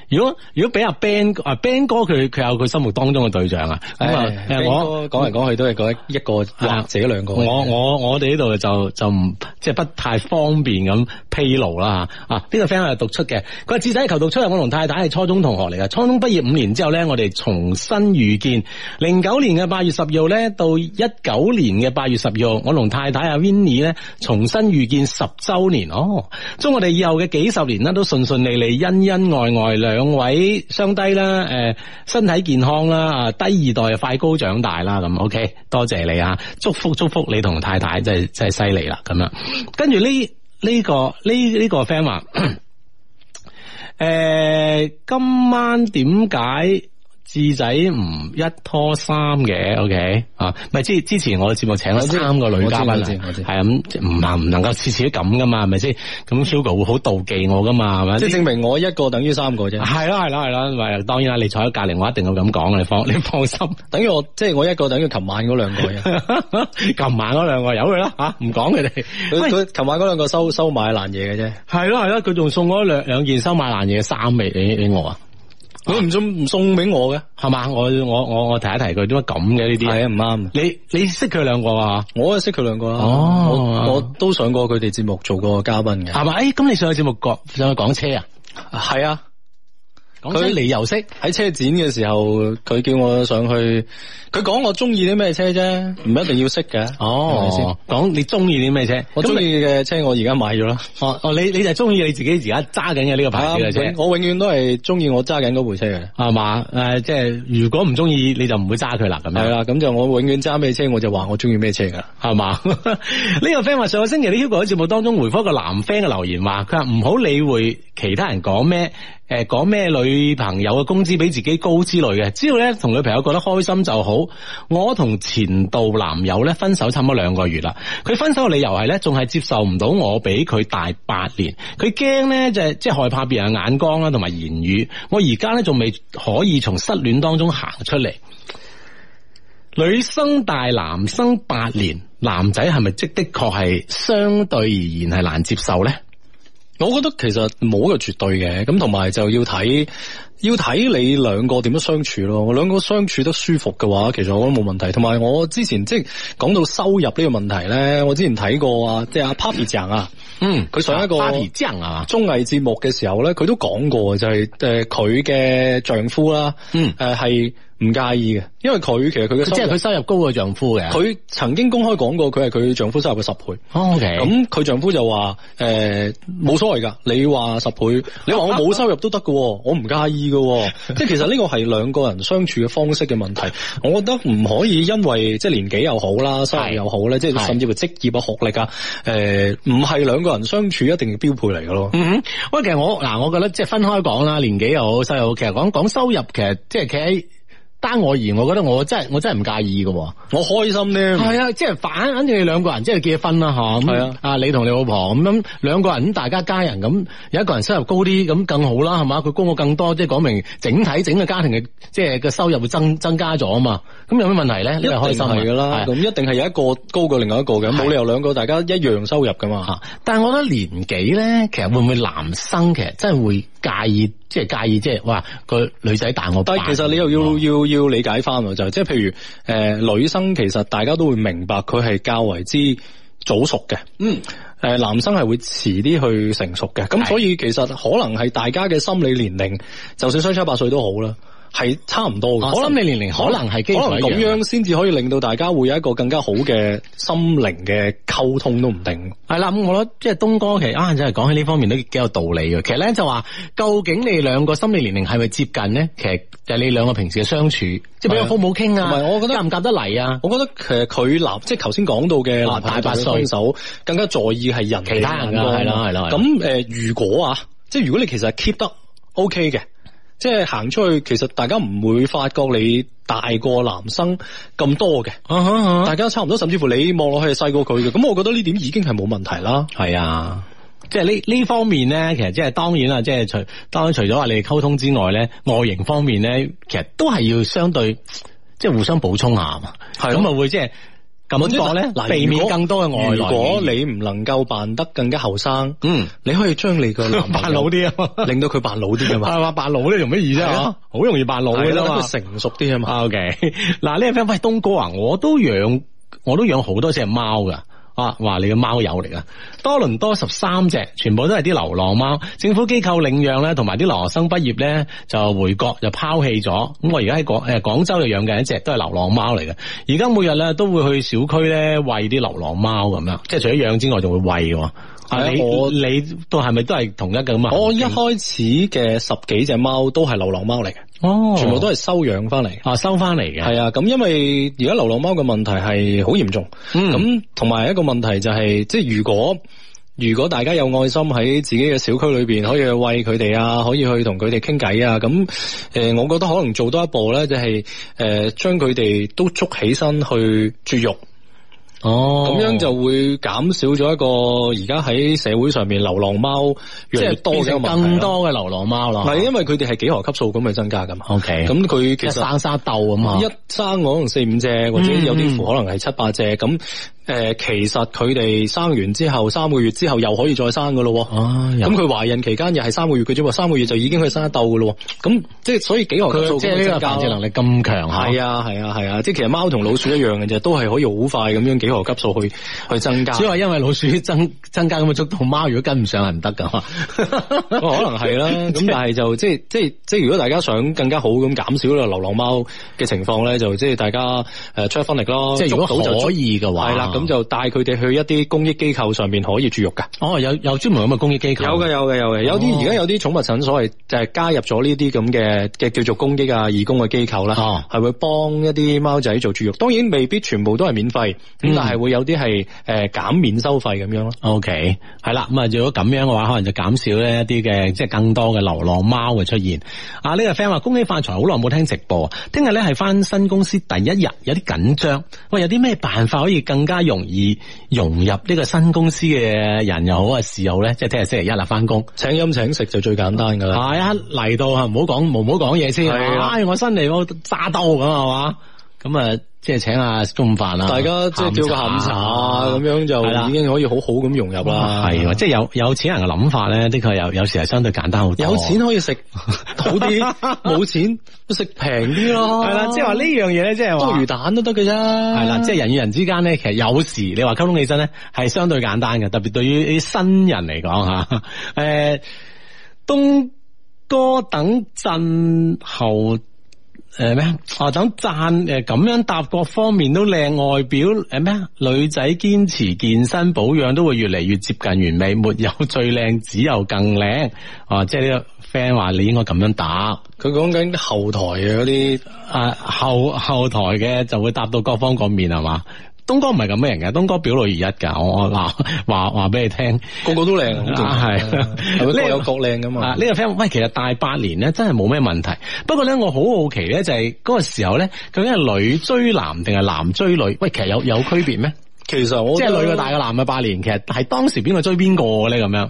如果如果俾阿 Ben 阿 Ben 哥佢佢有佢心目當中嘅對象啊咁啊，我講嚟講去都係覺得一個，一個或者兩個。我我我哋呢度就就唔即係不太方便咁披露啦吓啊！呢、這個 friend 係讀出嘅，佢自細求讀出，嚟。我同太太係初中同學嚟嘅。初中畢業五年之後咧，我哋重新遇見。零九年嘅八月十號咧，到一九年嘅八月十號，我同太太阿 Vinnie 咧重新遇見十周年哦！祝我哋以後嘅幾十年呢，都順順利利、恩恩愛愛兩。兩位雙低啦，誒，身體健康啦，啊，低二代快高長大啦，咁 OK，多謝你啊，祝福祝福你同太太真係真係犀利啦，咁樣，跟住呢呢個呢呢個 friend 話，誒，今晚點解？智仔唔一拖三嘅，OK 啊？唔係之之前，我哋節目請咗三個女嘉賓啊，係咁唔能唔能夠次次都咁噶嘛？係咪先？咁 Sugoh 會好妒忌我噶嘛？係咪？即係證明我一個等於三個啫。係啦係啦係啦，咪當然啦！你坐喺隔籬，我一定要咁講。你放你放心，等於我即係我一個等於琴晚嗰兩個人，琴晚嗰兩個由佢啦吓，唔講佢哋。佢琴晚嗰兩個收收買爛嘢嘅啫。係咯係咯，佢仲送咗兩兩件收買爛嘢嘅衫嚟俾我啊！佢、啊、唔送唔送俾我嘅，係嘛？我我我我提一提佢，點解咁嘅呢啲？係啊，唔啱。你你識佢兩個啊？我啊識佢兩個啊？哦，我都上過佢哋節目，做過嘉賓嘅。係嘛？誒，咁你上去節目講上去講車啊？係啊。佢啲理由識喺車展嘅時候，佢叫我上去。佢講我中意啲咩車啫，唔一定要識嘅。哦，講、嗯、你中意啲咩車？我中意嘅車我，我而家買咗啦。哦哦，你你就係中意你自己而家揸緊嘅呢個牌子嘅車、啊。我永遠都係中意我揸緊嗰部車嘅，係嘛？誒，即係如果唔中意，你就唔會揸佢啦。咁樣係啦，咁就我永遠揸咩車，我就話我中意咩車噶，係嘛？呢、啊嗯這個 friend 話上個星期你喺節目當中回復一個男 friend 嘅留言話，佢話唔好理會其他人講咩。誒,講咩女朋友嘅工資比自己高之類嘅，只要咧同女朋友覺得開心就好。我同前度男友咧分手差唔多兩個月啦，佢分手嘅理由係咧仲係接受唔到我比佢大八年，佢驚咧就係即係害怕別人眼光啦，同埋言語。我而家咧仲未可以從失戀當中行出嚟。女生大男生八年，男仔係咪即的確係相對而言係難接受咧？我覺得其實冇一個絕對嘅，咁同埋就要睇。要睇你兩個點樣相處咯，我兩個相處得舒服嘅話，其實我覺得冇問題。同埋我之前即係講到收入呢個問題咧，我之前睇過啊，即係阿 Papi 醬啊，嗯，佢上一個 Papi 醬啊，綜藝節目嘅時候咧，佢都講過就係誒佢嘅丈夫啦，嗯，誒係唔介意嘅，因為佢其實佢嘅即係佢收入高嘅丈夫嘅，佢曾經公開講過佢係佢丈夫收入嘅十倍，O K，咁佢丈夫就話誒冇所謂噶，你話十倍，你話我冇收入都得嘅，我唔介意。嘅，即係其實呢個係兩個人相處嘅方式嘅問題，我覺得唔可以因為即係年紀又好啦，收入又好咧，即係甚至乎職業啊、學歷啊，誒，唔係兩個人相處一定嘅標配嚟嘅咯。嗯，嗯，喂，其實我嗱，我覺得即係分開講啦，年紀又好，收入又好，其實講講收入其，其實即係喺。單我而言，我覺得我真係我真係唔介意喎。我開心呢，係啊，即係反反正你兩個人即係結婚啦吓。係啊，啊你同你老婆咁樣兩個人大家家人咁，有一個人收入高啲咁更好啦，係嘛？佢供我更多，即係講明整體整個家庭嘅即係收入會增增加咗啊嘛。咁有咩問題咧？一定係噶啦，咁一定係有一個高過另外一個嘅，冇理由兩個大家一樣收入噶嘛。但係我覺得年紀咧，其實會唔會男生其實真係會。介意即係介意即係，話個女仔大我，但係其實你又要、哦、要要，要理解翻，就即、是、係譬如誒、呃、女生其實大家都會明白佢係較為之早熟嘅，嗯，誒、呃、男生係會遲啲去成熟嘅，咁所以其實可能係大家嘅心理年齡，就算相差八歲都好啦。係差唔多嘅，我諗你年齡可能係基可能，可能咁樣先至可以令到大家會有一個更加好嘅心靈嘅溝通都唔定、嗯。係啦，咁我覺得即係東哥其實啊，真係講起呢方面都幾有道理嘅。其實咧就話，究竟你兩個心理年齡係咪接近咧？其實就係你兩個平時嘅相處，即係、比較好、好唔好傾啊？唔係，我覺得夾唔夾得嚟啊？我覺得其實佢嗱，即係頭先講到嘅、啊、大把雙手更加在意係人其他人噶、啊，係啦係啦。咁誒、呃，如果啊，即係如果你其實 keep 得 OK 嘅。即係行出去，其實大家唔會發覺你大過男生咁多嘅，Uh-huh-huh. 大家都差唔多，甚至乎你望落去係細過佢嘅。咁我覺得呢點已經係冇問題啦。係啊，即係呢呢方面咧，其實即係當然啦，即係除當然除咗話你哋溝通之外咧，外形方面咧，其實都係要相對即係、即係、互相補充下嘛。咁啊就會即、就、係、係。咁點講咧？嗱，避免更多嘅外來如果，如果你唔能夠扮得更加後生，嗯，你可以將你個 <laughs> 扮老啲 <laughs> 啊，令到佢扮老啲嘅嘛。係咪？扮老咧，容咩意思啊？好容易扮老嘅啫、啊、成熟啲、 <laughs> 啊、OK，嗱、 <laughs> 啊，呢個 friend，喂，東哥啊，我都養，我都養好多隻貓噶。啊！話你個貓友嚟噶，多倫多十三隻，全部都係啲流浪貓。政府機構領養咧，同埋啲留學生畢業咧就回國就拋棄咗。咁我而家喺廣誒廣州又養嘅一隻，都係流浪貓嚟嘅。而家每日咧都會去小區咧餵啲流浪貓咁樣，即係除咗養之外仲會餵。你我你都係咪都係同一噶嘛？我一開始嘅十幾隻貓都係流浪貓嚟嘅，哦，全部都係收養翻嚟，啊，收翻嚟嘅，係啊。咁因為而家流浪貓嘅問題係好嚴重，咁同埋一個問題就係、是，即係如果如果大家有愛心喺自己嘅小區裏邊，可以去餵佢哋啊，可以去同佢哋傾偈啊，咁誒，我覺得可能做多一步咧，就係誒將佢哋都捉起身去絕育。哦，咁樣就會減少咗一個而家喺社會上面流浪貓越嚟越多嘅問題，更多嘅流浪貓啦。唔係，因為佢哋係幾何級數咁去增加噶嘛。OK，咁佢其實生生斗啊嘛，一生可能四五隻，嗯嗯，或者有啲乎可能係七八隻咁。誒，其實佢哋生完之後三個月之後又可以再生噶咯，咁佢懷孕期間又係三個月嘅啫嘛，三個月就已經可以生一竇噶咯，咁即係所以幾何佢即係呢個繁殖能力咁強，係啊係啊係啊，即係其實貓同老鼠一樣嘅啫，都係可以好快咁樣幾何級數去去增加，只係因為老鼠增增加咁嘅速度，貓如果跟唔上係唔得噶， <laughs> 可能係是啦，咁 <laughs> 但係就即係即係即係如果大家想更加好咁減少呢個流浪貓嘅情況咧，就即係大家誒出一分力咯，即係如果到就可以嘅話，係啦。咁就帶佢哋去一啲公益機構上邊可以絕育噶。哦，有有專門咁嘅公益機構。有嘅，有嘅，有嘅。有啲而家有啲寵物診所係就係加入咗呢啲咁嘅嘅叫做公益啊、義工嘅機構啦，係、哦、會幫一啲貓仔做絕育。當然未必全部都係免費，咁、嗯、但係會有啲係誒減免收費咁樣咯。O K，係啦，咁、okay, 啊如果咁樣嘅話，可能就減少呢一啲嘅即係更多嘅流浪貓嘅出現。啊呢、這個 friend 話恭喜發財好耐冇聽直播，聽日咧係返新公司第一日，有啲緊張。喂，有啲咩辦法可以更加？容易融入呢個新公司嘅人又好啊，事又好咧，即係聽日星期一啦，翻工請飲請食就最簡單噶啦。係啊，嚟到啊，唔好講，唔好講嘢先。唉，我新嚟，我揸刀咁，係嘛。咁啊，即係請下中午飯啦，大家即係叫個下午茶啊，咁樣就已經可以好好咁融入啦。係，即係有有錢人嘅諗法咧，的確有有時係相對簡單好多。有錢可以食好啲，冇 <laughs> 錢食平啲咯。係啦，即係話呢樣嘢咧，即係話。煮魚蛋都得嘅啫。係啦，即係人與人之間咧，其實有時你話溝通起身咧，係相對簡單嘅，特別對於啲新人嚟講吓。誒、啊，東哥等陣後。誒、嗯、咩？哦、啊，等贊誒咁樣答各方面都靚，外表誒咩、嗯？女仔堅持健身保養都會越嚟越接近完美，沒有最靚，只有更靚。哦、啊，即係呢個 friend 話你應該咁樣打，佢講緊後台嘅嗰啲啊後後台嘅就會答到各方各面係嘛？是東哥唔係咁嘅人噶，東哥表露而一噶，我我嗱、嗯、話話俾你聽，個個都靚，係，各有各靚噶嘛。呢、啊這個 friend，喂，其實大八年咧真係冇咩問題。不過咧，我好好奇咧，就係、是、嗰個時候咧究竟係女追男定係男追女？喂，其實有有區別咩？其實我覺得即係女嘅大過男嘅八年，其實係當時邊個追邊個咧咁樣。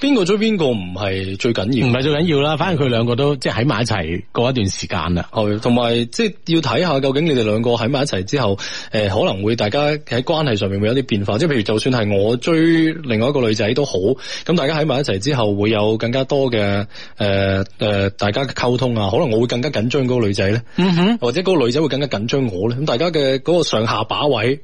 邊個追邊個唔係最緊要的，唔係最緊要啦。反正佢兩個都即係喺埋一齊過一段時間啦。係，同埋即係要睇下究竟你哋兩個喺埋一齊之後，誒、呃、可能會大家喺關係上面會有啲變化。即係譬如，就算係我追另外一個女仔都好，咁大家喺埋一齊之後會有更加多嘅誒誒，大家嘅溝通啊，可能我會更加緊張嗰個女仔咧。嗯、哼，或者嗰個女仔會更加緊張我咧。咁大家嘅嗰個上下把位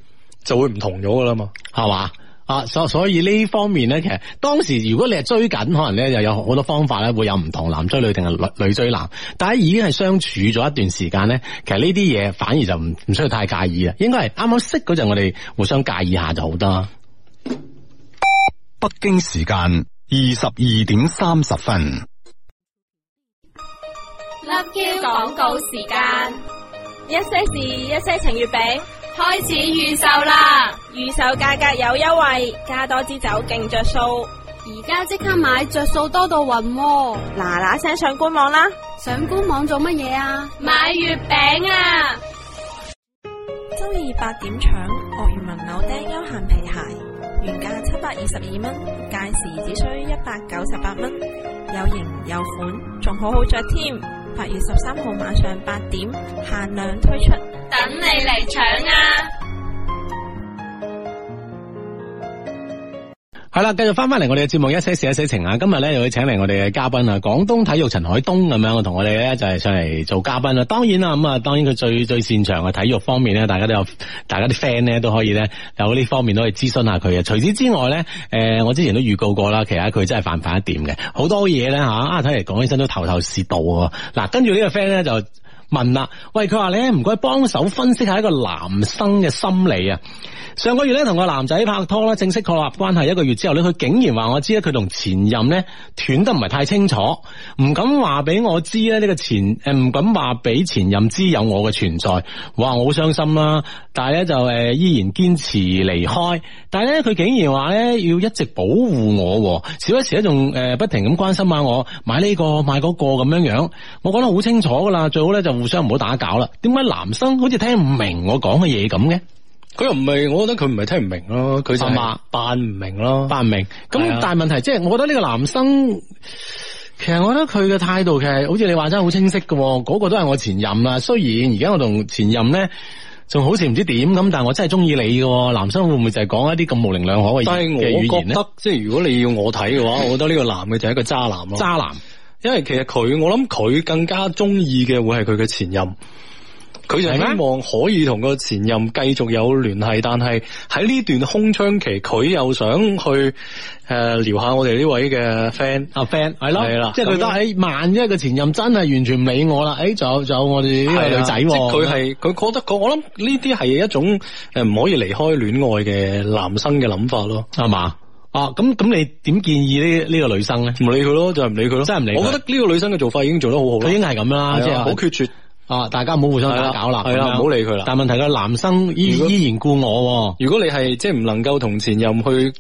就會唔同咗噶啦嘛，係嘛？啊，所所以呢方面咧，其實當時如果你係追緊，可能咧又有好多方法咧，會有唔同男追女定係女女追男。但係已經係相處咗一段時間咧，其實呢啲嘢反而就唔唔需要太介意啦。應該係啱啱識嗰陣，我哋互相介意下就好多啦。北京時間二十二點三十分，LoveQ 廣告時間，一些事，一些情月餅。開始預售啦！預售價格有優惠，加多支酒勁着數，而家即刻買，着數多到暈啊，嗱嗱聲上官網啦！上官網做乜嘢啊？買月餅啊！周二八點搶鱷魚紋扭釘休閒皮鞋，原價七百二十二蚊，屆時只需一百九十八蚊，有型有款，仲好好着添。八月十三號晚上八點限量推出，等你嚟搶啊！係啦，繼續翻翻嚟我哋嘅節目，一些事一些情啊！今日咧又要請嚟我哋嘅嘉賓啊，廣東體育陳海東咁樣，我同我哋咧就係上嚟做嘉賓啦。當然啦，咁啊，當然佢最最擅長嘅體育方面咧，大家都有，大家啲 friend 咧都可以咧有呢方面都可以咨詢下佢啊。除此之外咧，誒，我之前都預告過啦，其實佢真係犯法一點嘅，好多嘢咧吓啊，睇嚟講起身都頭頭是道嗱，跟住呢個 friend 咧就。問啦，喂，佢話你唔該幫手分析下一個男生嘅心理啊。上個月咧同個男仔拍拖啦，正式確立關係一個月之後咧，佢竟然話我知咧佢同前任咧斷得唔係太清楚，唔敢話俾我知咧呢個前誒，唔敢話俾前任知有我嘅存在。哇，我好傷心啦，啊，但係咧就誒、呃、依然堅持離開。但係咧佢竟然話咧要一直保護我，時不時咧仲誒不停咁關心下我，買呢個買嗰個咁樣樣。我講得好清楚噶啦，最好咧就。互相唔好打攪啦。點解男生好似聽唔明我講嘅嘢咁嘅？佢又唔係，我覺得佢唔係聽唔明咯，佢就係扮扮唔明咯，扮唔明。咁但係問題即係，我覺得呢個男生，其實我覺得佢嘅態度其實好似你話齋好清晰噶。嗰個都係我前任啦。雖然而家我同前任咧仲好似唔知點咁，但係我真係中意你嘅。男生會唔會就係講一啲咁模棱兩可嘅語言？但係我覺得 <laughs> 即係如果你要我睇嘅話，我覺得呢個男嘅就係一個渣男咯，渣男。因為其實佢，我諗佢更加中意嘅會係佢嘅前任，佢就係希望可以同個前任繼續有聯繫，但係喺呢段空窗期，佢又想去誒、呃、撩一下我哋呢位嘅 friend 啊 friend 係咯，係啦，即係佢得喺萬一嘅前任真係完全唔理我啦，誒就就我哋呢個女仔，即佢係佢覺得我我諗呢啲係一種誒唔可以離開戀愛嘅男生嘅諗法咯，啱嘛？啊，咁咁你點建議呢？呢個女生咧，唔理佢咯，就唔、是、理佢咯，真係唔理。我覺得呢個女生嘅做法已經做得好好啦，佢已經係咁啦，即係好決絕啊！大家唔好互相搞攪啦，係啦，唔好理佢啦。但係問題，個男生依依然故我。如果你係即係唔能夠同前任去。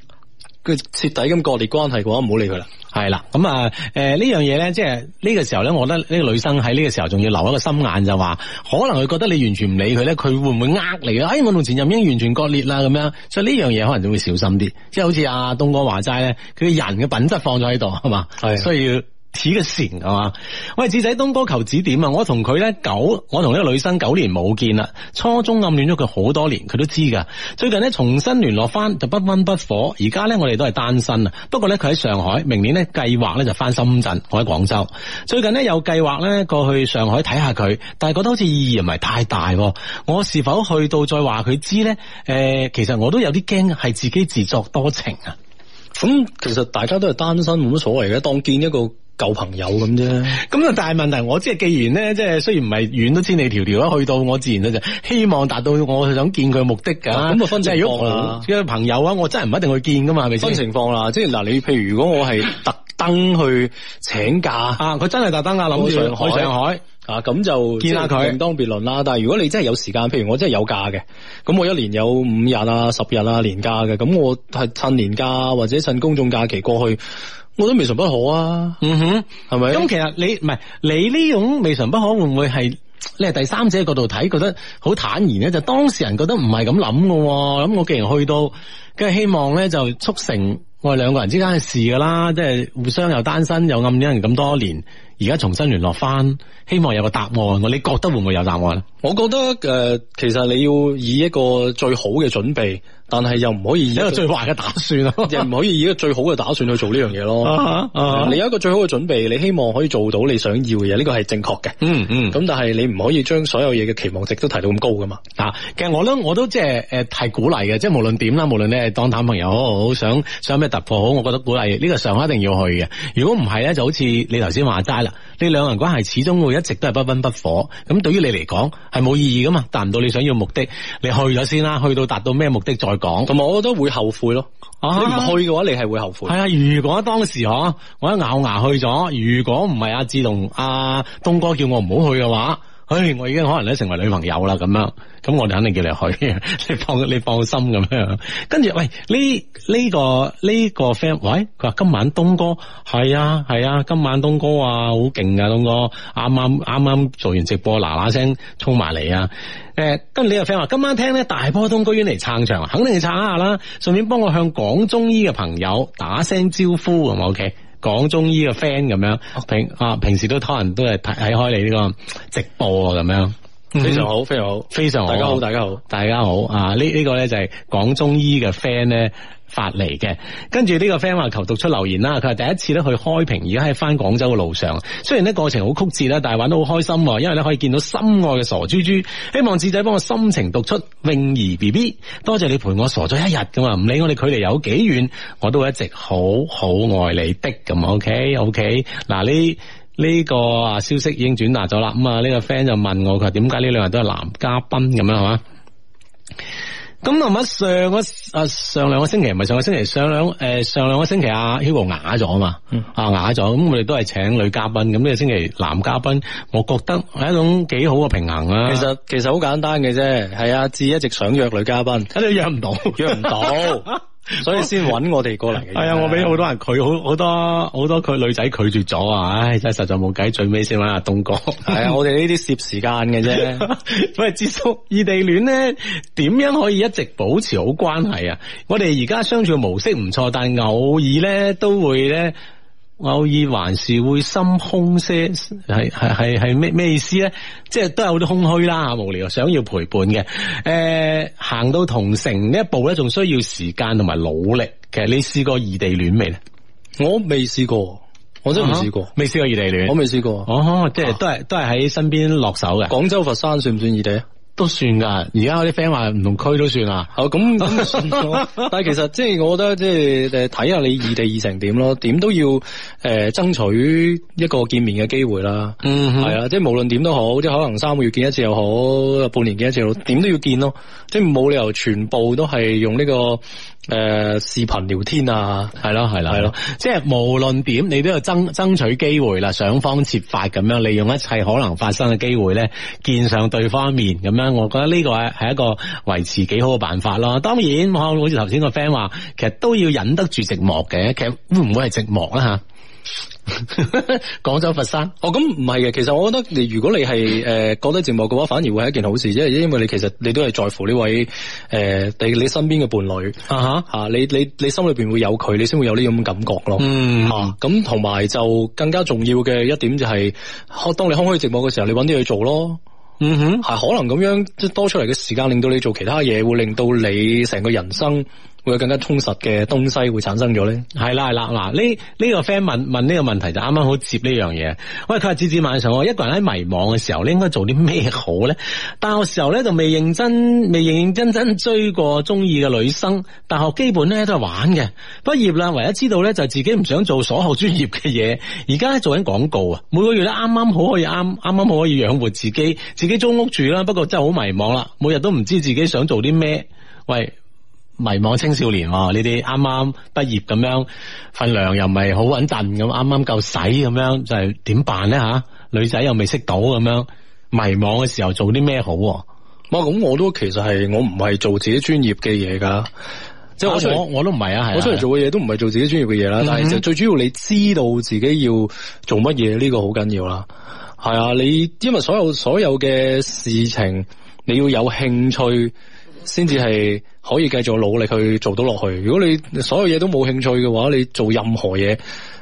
佢徹底咁割裂關係，嗰唔好理佢啦，係啦，咁啊，誒呢樣嘢咧，即係呢個時候咧，我覺得呢個女生喺呢個時候仲要留一個心眼，就話可能佢覺得你完全唔理佢咧，佢會唔會呃你啊？哎，我同前任已經完全割裂啦，咁樣，所以呢樣嘢可能就會小心啲，即係好似阿東哥話齋咧，佢人嘅品質放咗喺度，係嘛，係，所以要。似嘅禪係嘛？喂，仔仔東哥求指點啊！我同佢呢，九，我同呢個女生九年冇見啦。初中暗戀咗佢好多年，佢都知㗎。最近呢，重新聯絡翻就不温不火，而家呢，我哋都係單身啊。不過呢，佢喺上海，明年呢計劃呢就翻深圳。我喺廣州，最近呢，有計劃呢過去上海睇下佢，但係覺得好似意義唔係太大。我是否去到再話佢知呢？誒，其實我都有啲驚係自己自作多情啊。咁其實大家都係單身冇乜所謂嘅，當見一個。舊朋友咁啫，咁啊！但係問題，我即係既然咧，即係雖然唔係遠都千里迢迢啦，去到我自然咧就希望達到我想見佢嘅目的噶。咁啊，那個、分情況啦。因為、啊、朋友啊，我真係唔一定去見噶嘛，係咪先？分情況啦，即係嗱，你譬如如果我係特登去請假啊，佢真係特登啊，諗住上海，上海啊，咁就見下佢，另當別論啦。但係如果你真係有時間，譬如我真係有假嘅，咁我一年有五日啊、十日啊年假嘅，咁我係趁年假或者趁公眾假期過去。我都未嘗不可啊，嗯哼，係咪？咁、嗯、其實你唔係你呢種未嘗不可，會唔會係你係第三者角度睇，覺得好坦然咧？就是，當事人覺得唔係咁諗噶，咁、嗯、我既然去到，梗係希望咧就促成我哋兩個人之間嘅事噶啦，即係互相又單身又暗戀人咁多年。而家重新聯絡返，希望有個答案。你覺得會唔會有答案咧？我覺得誒、呃，其實你要以一個最好嘅準備，但係又唔可以以一個最壞嘅打算咯， <laughs> 又唔可以以一個最好嘅打算去做呢樣嘢咯。Uh-huh. Uh-huh. 你有一個最好嘅準備，你希望可以做到你想要嘅嘢，呢、這個係正確嘅。嗯嗯。咁但係你唔可以將所有嘢嘅期望值都提到咁高㗎嘛？啊，其實我咧我都即係誒係鼓勵嘅，即、就、係、是、無論點啦，無論你係當男朋友好，想想咩突破好，我覺得鼓勵呢、這個上一一定要去嘅。如果唔係咧，就好似你頭先話齋啦。呢兩人關係始終會一直都係不溫不火，咁對於你嚟講係冇意義㗎嘛？達唔到你想要目的，你去咗先啦，去到達到咩目的再講，同埋我都會後悔咯、啊。你唔去嘅話，你係會後悔。係啊，如果當時我我一咬牙去咗，如果唔係阿志同阿、啊、東哥叫我唔好去嘅話。哎，我已經可能咧成為女朋友啦，咁樣，咁我哋肯定叫你去，你放你放心咁樣。跟住，喂，呢呢個呢個 friend，喂，佢話今晚東哥係啊係啊，今晚東哥啊好勁啊東哥，啱啱啱啱做完直播嗱嗱聲衝埋嚟啊，誒，跟住呢個 friend 話今晚聽咧大波東哥要嚟撐場，肯定要撐下啦，順便幫我向廣中醫嘅朋友打聲招呼，係咪 OK？講中醫嘅 friend 咁樣平啊，平時都拖人都係睇睇開你呢個直播啊咁樣。非常好，非常好，非常好。大家好，大家好，大家好。啊，呢、這、呢個就係廣中醫嘅 friend 呢發嚟嘅，跟住呢個 friend 話求讀出留言啦。佢係第一次呢去開平，而家喺翻廣州嘅路上。雖然呢過程好曲折啦，但係玩得好開心，因為呢可以見到心愛嘅傻豬豬。希望智仔幫我心情讀出泳兒 B B。BB，多謝你陪我傻咗一日㗎嘛，唔理我哋距離有幾遠，我都會一直好好愛你的咁。OK OK、啊。嗱呢。呢、個啊消息已經轉達咗啦，咁啊呢個 friend 就問我佢點解呢兩日都係男嘉賓咁樣係嘛？咁同埋上個啊上兩個星期唔係上個星期上兩誒上兩個星期阿 Hugo 啞咗啊嘛，啊啞咗，咁我哋都係請女嘉賓，咁、呢個星期男嘉賓，我覺得係一種幾好嘅平衡啊。其實其實好簡單嘅啫，係阿志一直想約女嘉賓，但係約唔到，約唔到。 <laughs> 所以先揾我哋過嚟嘅，係 <laughs> 啊、哎，我俾好多人拒，好好多好多佢女仔拒絕咗啊，唉、哎，真係實在冇計，最尾先揾阿東哥。係 <laughs> 啊、哎，我哋 <laughs> 呢啲攝時間嘅啫。喂，接觸，異地戀咧，點樣可以一直保持好關係啊？我哋而家相處的模式唔錯，但係偶爾咧都會咧。偶爾還是會心空些，係係係係咩咩意思咧？即係都有好多空虛啦，無聊，想要陪伴嘅。誒、呃，行到同城呢一步咧，仲需要時間同埋努力。其實你試過異地戀未咧？我未試過，我真係未試過。未、啊、試過異地戀，我未試過。哦、啊，即係都係、啊、都係喺身邊落手嘅。廣州佛山算唔算異地啊？都算噶，而家啲 friend 話唔同區都算啦。 <laughs> <laughs> 哦，咁咁，但係其實即係我覺得即係誒，睇下你異地異城點咯，點都要誒、呃、爭取一個見面嘅機會啦。嗯，係啊，即係無論點都好，即係可能三個月見一次又好，半年見一次又好，點都要見咯。即係冇理由全部都係用呢個。誒、呃，視頻聊天啊，係咯，係啦，係咯，即係無論點，你都要爭爭取機會啦，想方設法咁樣利用一切可能發生嘅機會咧，見上對方面咁樣，我覺得呢個係係一個維持幾好嘅辦法咯。當然，我好似頭先個 friend 話，其實都要忍得住寂寞嘅，其實會唔會係寂寞咧吓？廣 <laughs> 州、佛山， <laughs> 哦，咁唔係嘅。其實我覺得，你如果你係誒覺得寂寞嘅話，反而會係一件好事，因為因為你其實你都係在乎呢位誒，你、呃、你身邊嘅伴侶、uh-huh. 啊吓吓，你你你心裏邊會有佢，你先會有呢種感覺咯。嗯、uh-huh. 啊，咁同埋就更加重要嘅一點就係、是，當你空虛寂寞嘅時候，你搵啲去做咯。嗯哼，係可能咁樣即多出嚟嘅時間，令到你做其他嘢，會令到你成個人生。會有更加充實嘅東西會產生咗呢。係啦係啦，嗱呢呢個 friend 問問呢個問題就啱啱好接呢樣嘢。喂，佢話子子晚上，我一個人喺迷茫嘅時候，你應該做啲咩好呢？」大學時候呢，就未認真，未認認真真追過中意嘅女生。大學基本呢，都係玩嘅。畢業啦，唯一知道呢，就係自己唔想做所學專業嘅嘢。而家做緊廣告啊，每個月都啱啱好可以啱啱啱好可以養活自己，自己租屋住啦。不過真係好迷茫啦，每日都唔知自己想做啲咩。喂。迷惘青少年，你哋啱啱畢業咁樣，份糧又唔係好穩陣咁，啱啱夠使咁樣，就係點辦咧，吓？女仔又未識到咁樣，迷惘嘅時候做啲咩好？喎、啊？咁我都其實係我唔係做自己專業嘅嘢噶，即係我我都唔係啊，我出嚟做嘅嘢都唔係做自己專業嘅嘢啦。但係最主要，你知道自己要做乜嘢呢個好緊要啦。係啊，你因為所有所有嘅事情，你要有興趣。先至係可以繼續努力去做到落去。如果你所有嘢都冇興趣嘅話，你做任何嘢，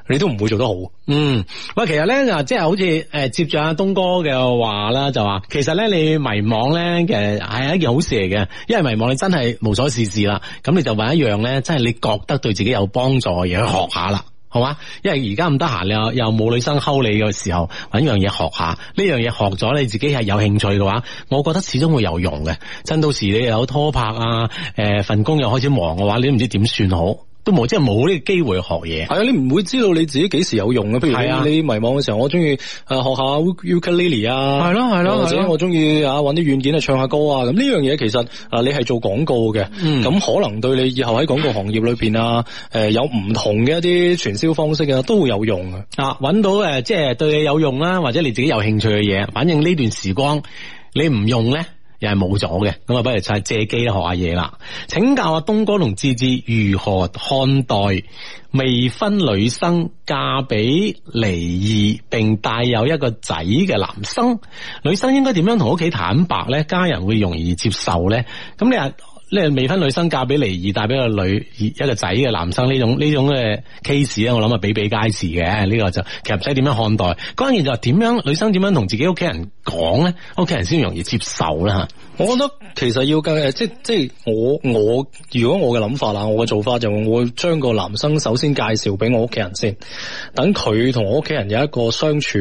你都唔會做得好。嗯，喂，其實咧，即係好似誒，接住阿東哥嘅話啦，就話其實咧，你迷茫咧，其實係一件好事嚟嘅，因為迷茫你真係無所事事啦。咁你就揾一樣咧，真係你覺得對自己有幫助嘅嘢去學下啦。好嘛，因為而家唔得閒，又又冇女生溝你嘅時候，揾樣嘢學下。呢樣嘢學咗，你自己係有興趣嘅話，我覺得始終會有用嘅。真到時你又有拖拍啊，誒、呃、份工又開始忙嘅話，你都唔知點算好。都冇，即係冇呢個機會學嘢。係啊，你唔會知道你自己幾時有用嘅。譬如你迷茫嘅時候，我中意誒學下尤克里里啊，係咯，係咯。或者我中意啊揾啲軟件去唱下歌啊。咁呢樣嘢其實你係做廣告嘅，咁、嗯、可能對你以後喺廣告行業裏邊啊誒有唔同嘅一啲傳銷方式啊都會有用啊。揾到誒即係對你有用啦，或者你自己有興趣嘅嘢。反正呢段時光你唔用咧。又係冇咗嘅，咁啊不如就係借機學下嘢啦。請教阿東哥同芝芝如何看待未婚女生嫁俾離異並帶有一個仔嘅男生？女生應該點樣同屋企坦白咧？家人會容易接受咧？咁你啊？你未婚女生嫁俾離異帶俾個女一個仔嘅男生呢種呢種嘅 case 咧，我諗啊比比皆是嘅。呢、這個就其實唔使點樣看待，關鍵就係點樣女生點樣同自己屋企人講咧，屋企人先容易接受啦。吓，我覺得其實要更，即即係我我如果我嘅諗法啦，我嘅做法就是、我會將個男生首先介紹俾我屋企人先，等佢同我屋企人有一個相處，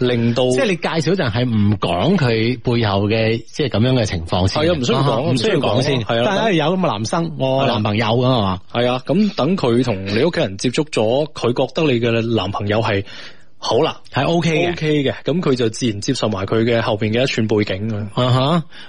令到即係你介紹就係唔講佢背後嘅即係咁樣嘅情況、啊、先，唔需要講，唔需要講先，係啊。啊、有咁嘅男生、哦，我男朋友噶係嘛？係啊，咁等佢同你屋企人接觸咗，佢覺得你嘅男朋友係好啦，係 O K 嘅，O K 嘅，咁、OK、佢就自然接受埋佢嘅後邊嘅一串背景啊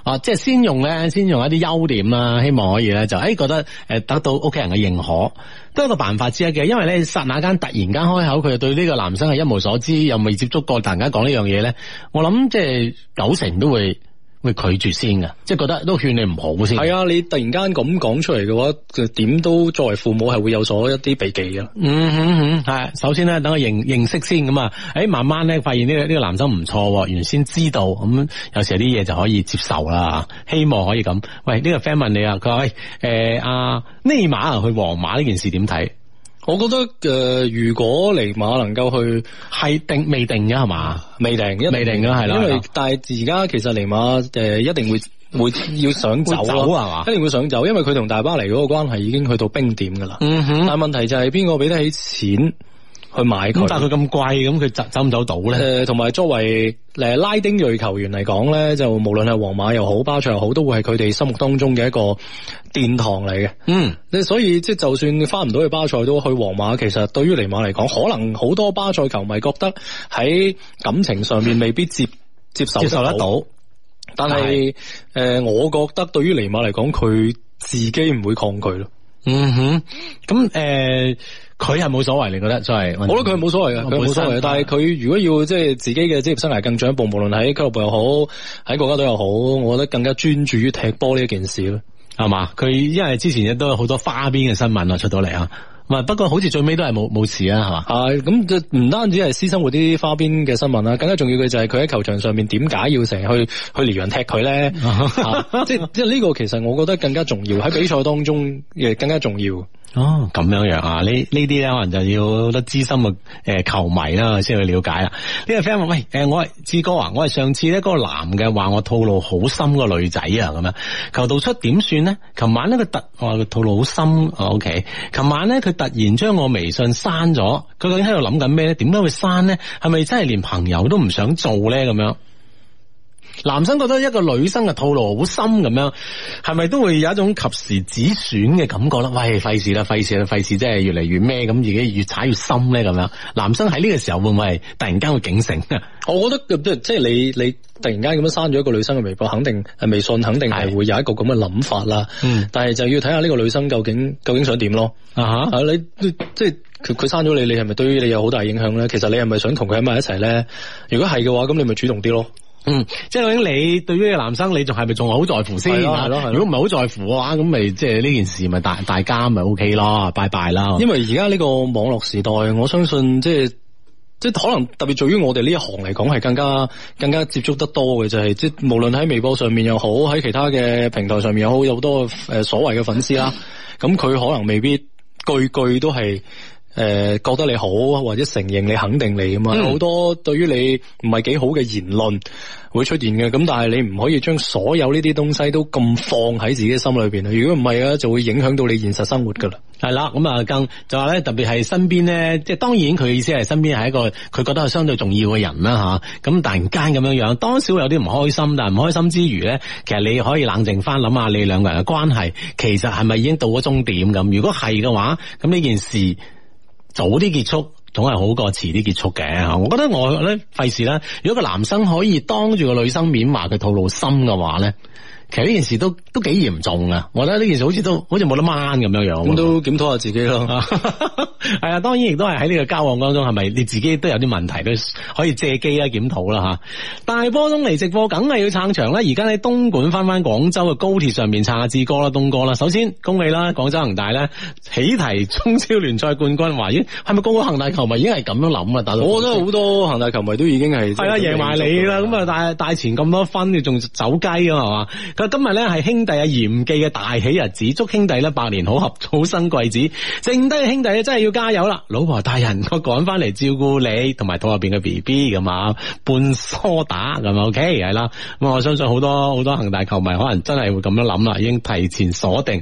吓啊！即係先用咧，先用一啲優點啊，希望可以咧就誒覺得誒得到屋企人嘅認可，都係一個辦法之一嘅。因為咧刹那間突然間開口，佢對呢個男生係一無所知，又未接觸過，突然間講呢樣嘢咧，我諗即係九成都會。會拒絕先嘅，即係覺得都勸你唔好先。係啊，你突然間咁講出嚟嘅話，就點都作為父母係會有所一啲避忌嘅。嗯嗯嗯，係。首先咧，等我認認識先咁啊。誒，慢慢咧發現呢個呢個男生唔錯。原先知道咁，有時啲嘢就可以接受啦。希望可以咁。喂，呢個 friend 問你啊，佢話喂，誒阿尼馬去皇馬呢件事點睇？我覺得誒、呃，如果尼馬能夠去係定未定嘅，係嘛？未定一未定嘅係啦，因為是但係而家其實尼馬誒、呃、一定會會要想走係嘛？一定會想走，因為佢同大巴黎嗰個關係已經去到冰點噶啦。嗯哼，但係問題就係邊個俾得起錢？去買佢，但係佢咁貴，咁佢走走唔走到咧？同、呃、埋作為誒拉丁裔球員嚟講咧，就無論係皇馬又好，巴塞又好，都會係佢哋心目當中嘅一個殿堂嚟嘅。嗯，你所以即係就算翻唔到去巴塞，都去皇馬。其實對於尼馬嚟講，可能好多巴塞球迷覺得喺感情上面未必接、嗯、接受得到接受得到。但係誒、呃，我覺得對於尼馬嚟講，佢自己唔會抗拒咯。嗯哼，咁誒。呃佢係冇所謂，你覺得真係？我覺得佢係冇所謂嘅，冇所謂。但係佢如果要即係自己嘅職業生涯更進一步，無論喺俱樂部又好，喺國家隊又好，我覺得更加專注於踢波呢一件事咯，係嘛？佢因為之前亦都有好多花邊嘅新聞啊出到嚟啊，唔係不過好似最尾都係冇冇事啊，係嘛？啊咁，唔單止係私生活啲花邊嘅新聞啦，更加重要嘅就係佢喺球場上面點解要成日去去撩人踢佢咧？uh-huh. 啊？ <laughs> 即即係呢個其實我覺得更加重要喺比賽當中嘅更加重要。哦，咁樣樣啊？呢呢啲咧，可能就要好多資深嘅誒、欸、球迷啦，先去了解啦。呢位 friend 話：喂，誒，我係志哥啊，我係上次咧個男嘅話我套路好深嘅女仔啊，咁樣求道出點算咧？琴晚呢佢突我話套路好深，ok 啊。琴晚咧佢突然將我微信刪咗，佢究竟喺度諗緊咩咧？點解會刪咧？係咪真係連朋友都唔想做咧？咁樣？男生覺得一個女生嘅套路好深，咁樣係咪都會有一種及時止損嘅感覺啦？喂，費事啦，費事啦，費事，真係越嚟越咩咁，自己越踩越深咧，咁樣。男生喺呢個時候會唔會突然間會警醒啊？我覺得即係你你突然間咁樣刪咗一個女生嘅微博，肯定係微信，肯定係會有一個咁嘅諗法啦。但係就要睇下呢個女生究竟究竟想點咯啊，啊？吓你你即係佢佢刪咗你，是你係咪對於你有好大影響咧？其實你係咪想同佢喺埋一齊咧？如果係嘅話，咁你咪主動啲咯。嗯，即係究竟你對於個男生，你仲係咪仲係好在乎先、啊？係咯，如果唔係好在乎嘅話，咁咪即係呢件事咪大大家咪 O K 囉，拜拜啦。因為而家呢個網絡時代，我相信即係即係可能特別對於我哋呢一行嚟講，係更加更加接觸得多嘅就係、是、即係，無論喺微博上面又好，喺其他嘅平台上面又好，有好多誒、呃、所謂嘅粉絲啦。咁 <laughs> 佢可能未必句句都係。誒、呃，覺得你好或者承認你，肯定你咁啊，好、嗯、多對於你唔係幾好嘅言論會出現嘅。咁但係你唔可以將所有呢啲東西都咁放喺自己心裏邊，如果唔係咧，就會影響到你現實生活噶啦。係啦，咁啊更就話咧，特別係身邊咧，即係當然佢意思係身邊係一個佢覺得係相對重要嘅人啦吓。咁突然間咁樣樣，多少有啲唔開心。但係唔開心之餘咧，其實你可以冷靜翻諗下你兩個人嘅關係，其實係咪已經到咗終點咁？如果係嘅話，咁呢件事。早啲結束總係好過遲啲結束嘅，吓，我覺得我咧，費事啦。如果個男生可以當住個女生面話佢套路深嘅話咧。其實呢件事都都幾嚴重啊！我覺得呢件事好似都好似冇得掹咁樣樣，咁都檢討下自己咯。係 <laughs> 啊，當然亦都係喺呢個交往當中，係咪你自己都有啲問題，都可以借機咧檢討啦吓。大波東尼直播，梗係要撐場啦！而家喺東莞翻翻廣州嘅高鐵上面撐下志哥啦、東哥啦。首先恭喜啦，廣州恆大咧喜提中超聯賽冠軍，話咦，係咪？個個恆大球迷已經係咁樣諗啊，大佬！我覺得好多恆大球迷都已經係係啊，贏埋你啦！咁啊，帶帶前咁多分，你仲走雞啊嘛？係嘛？今日咧係兄弟阿嚴記嘅大喜日子，祝兄弟咧百年好合，早生貴子。剩低兄弟咧真係要加油啦！老婆大人，我趕翻嚟照顧你同埋肚入邊嘅 BB，咁啊，半梳打，咁 OK，係啦。咁我相信好多好多恒大球迷可能真係會咁樣諗啦，已經提前鎖定。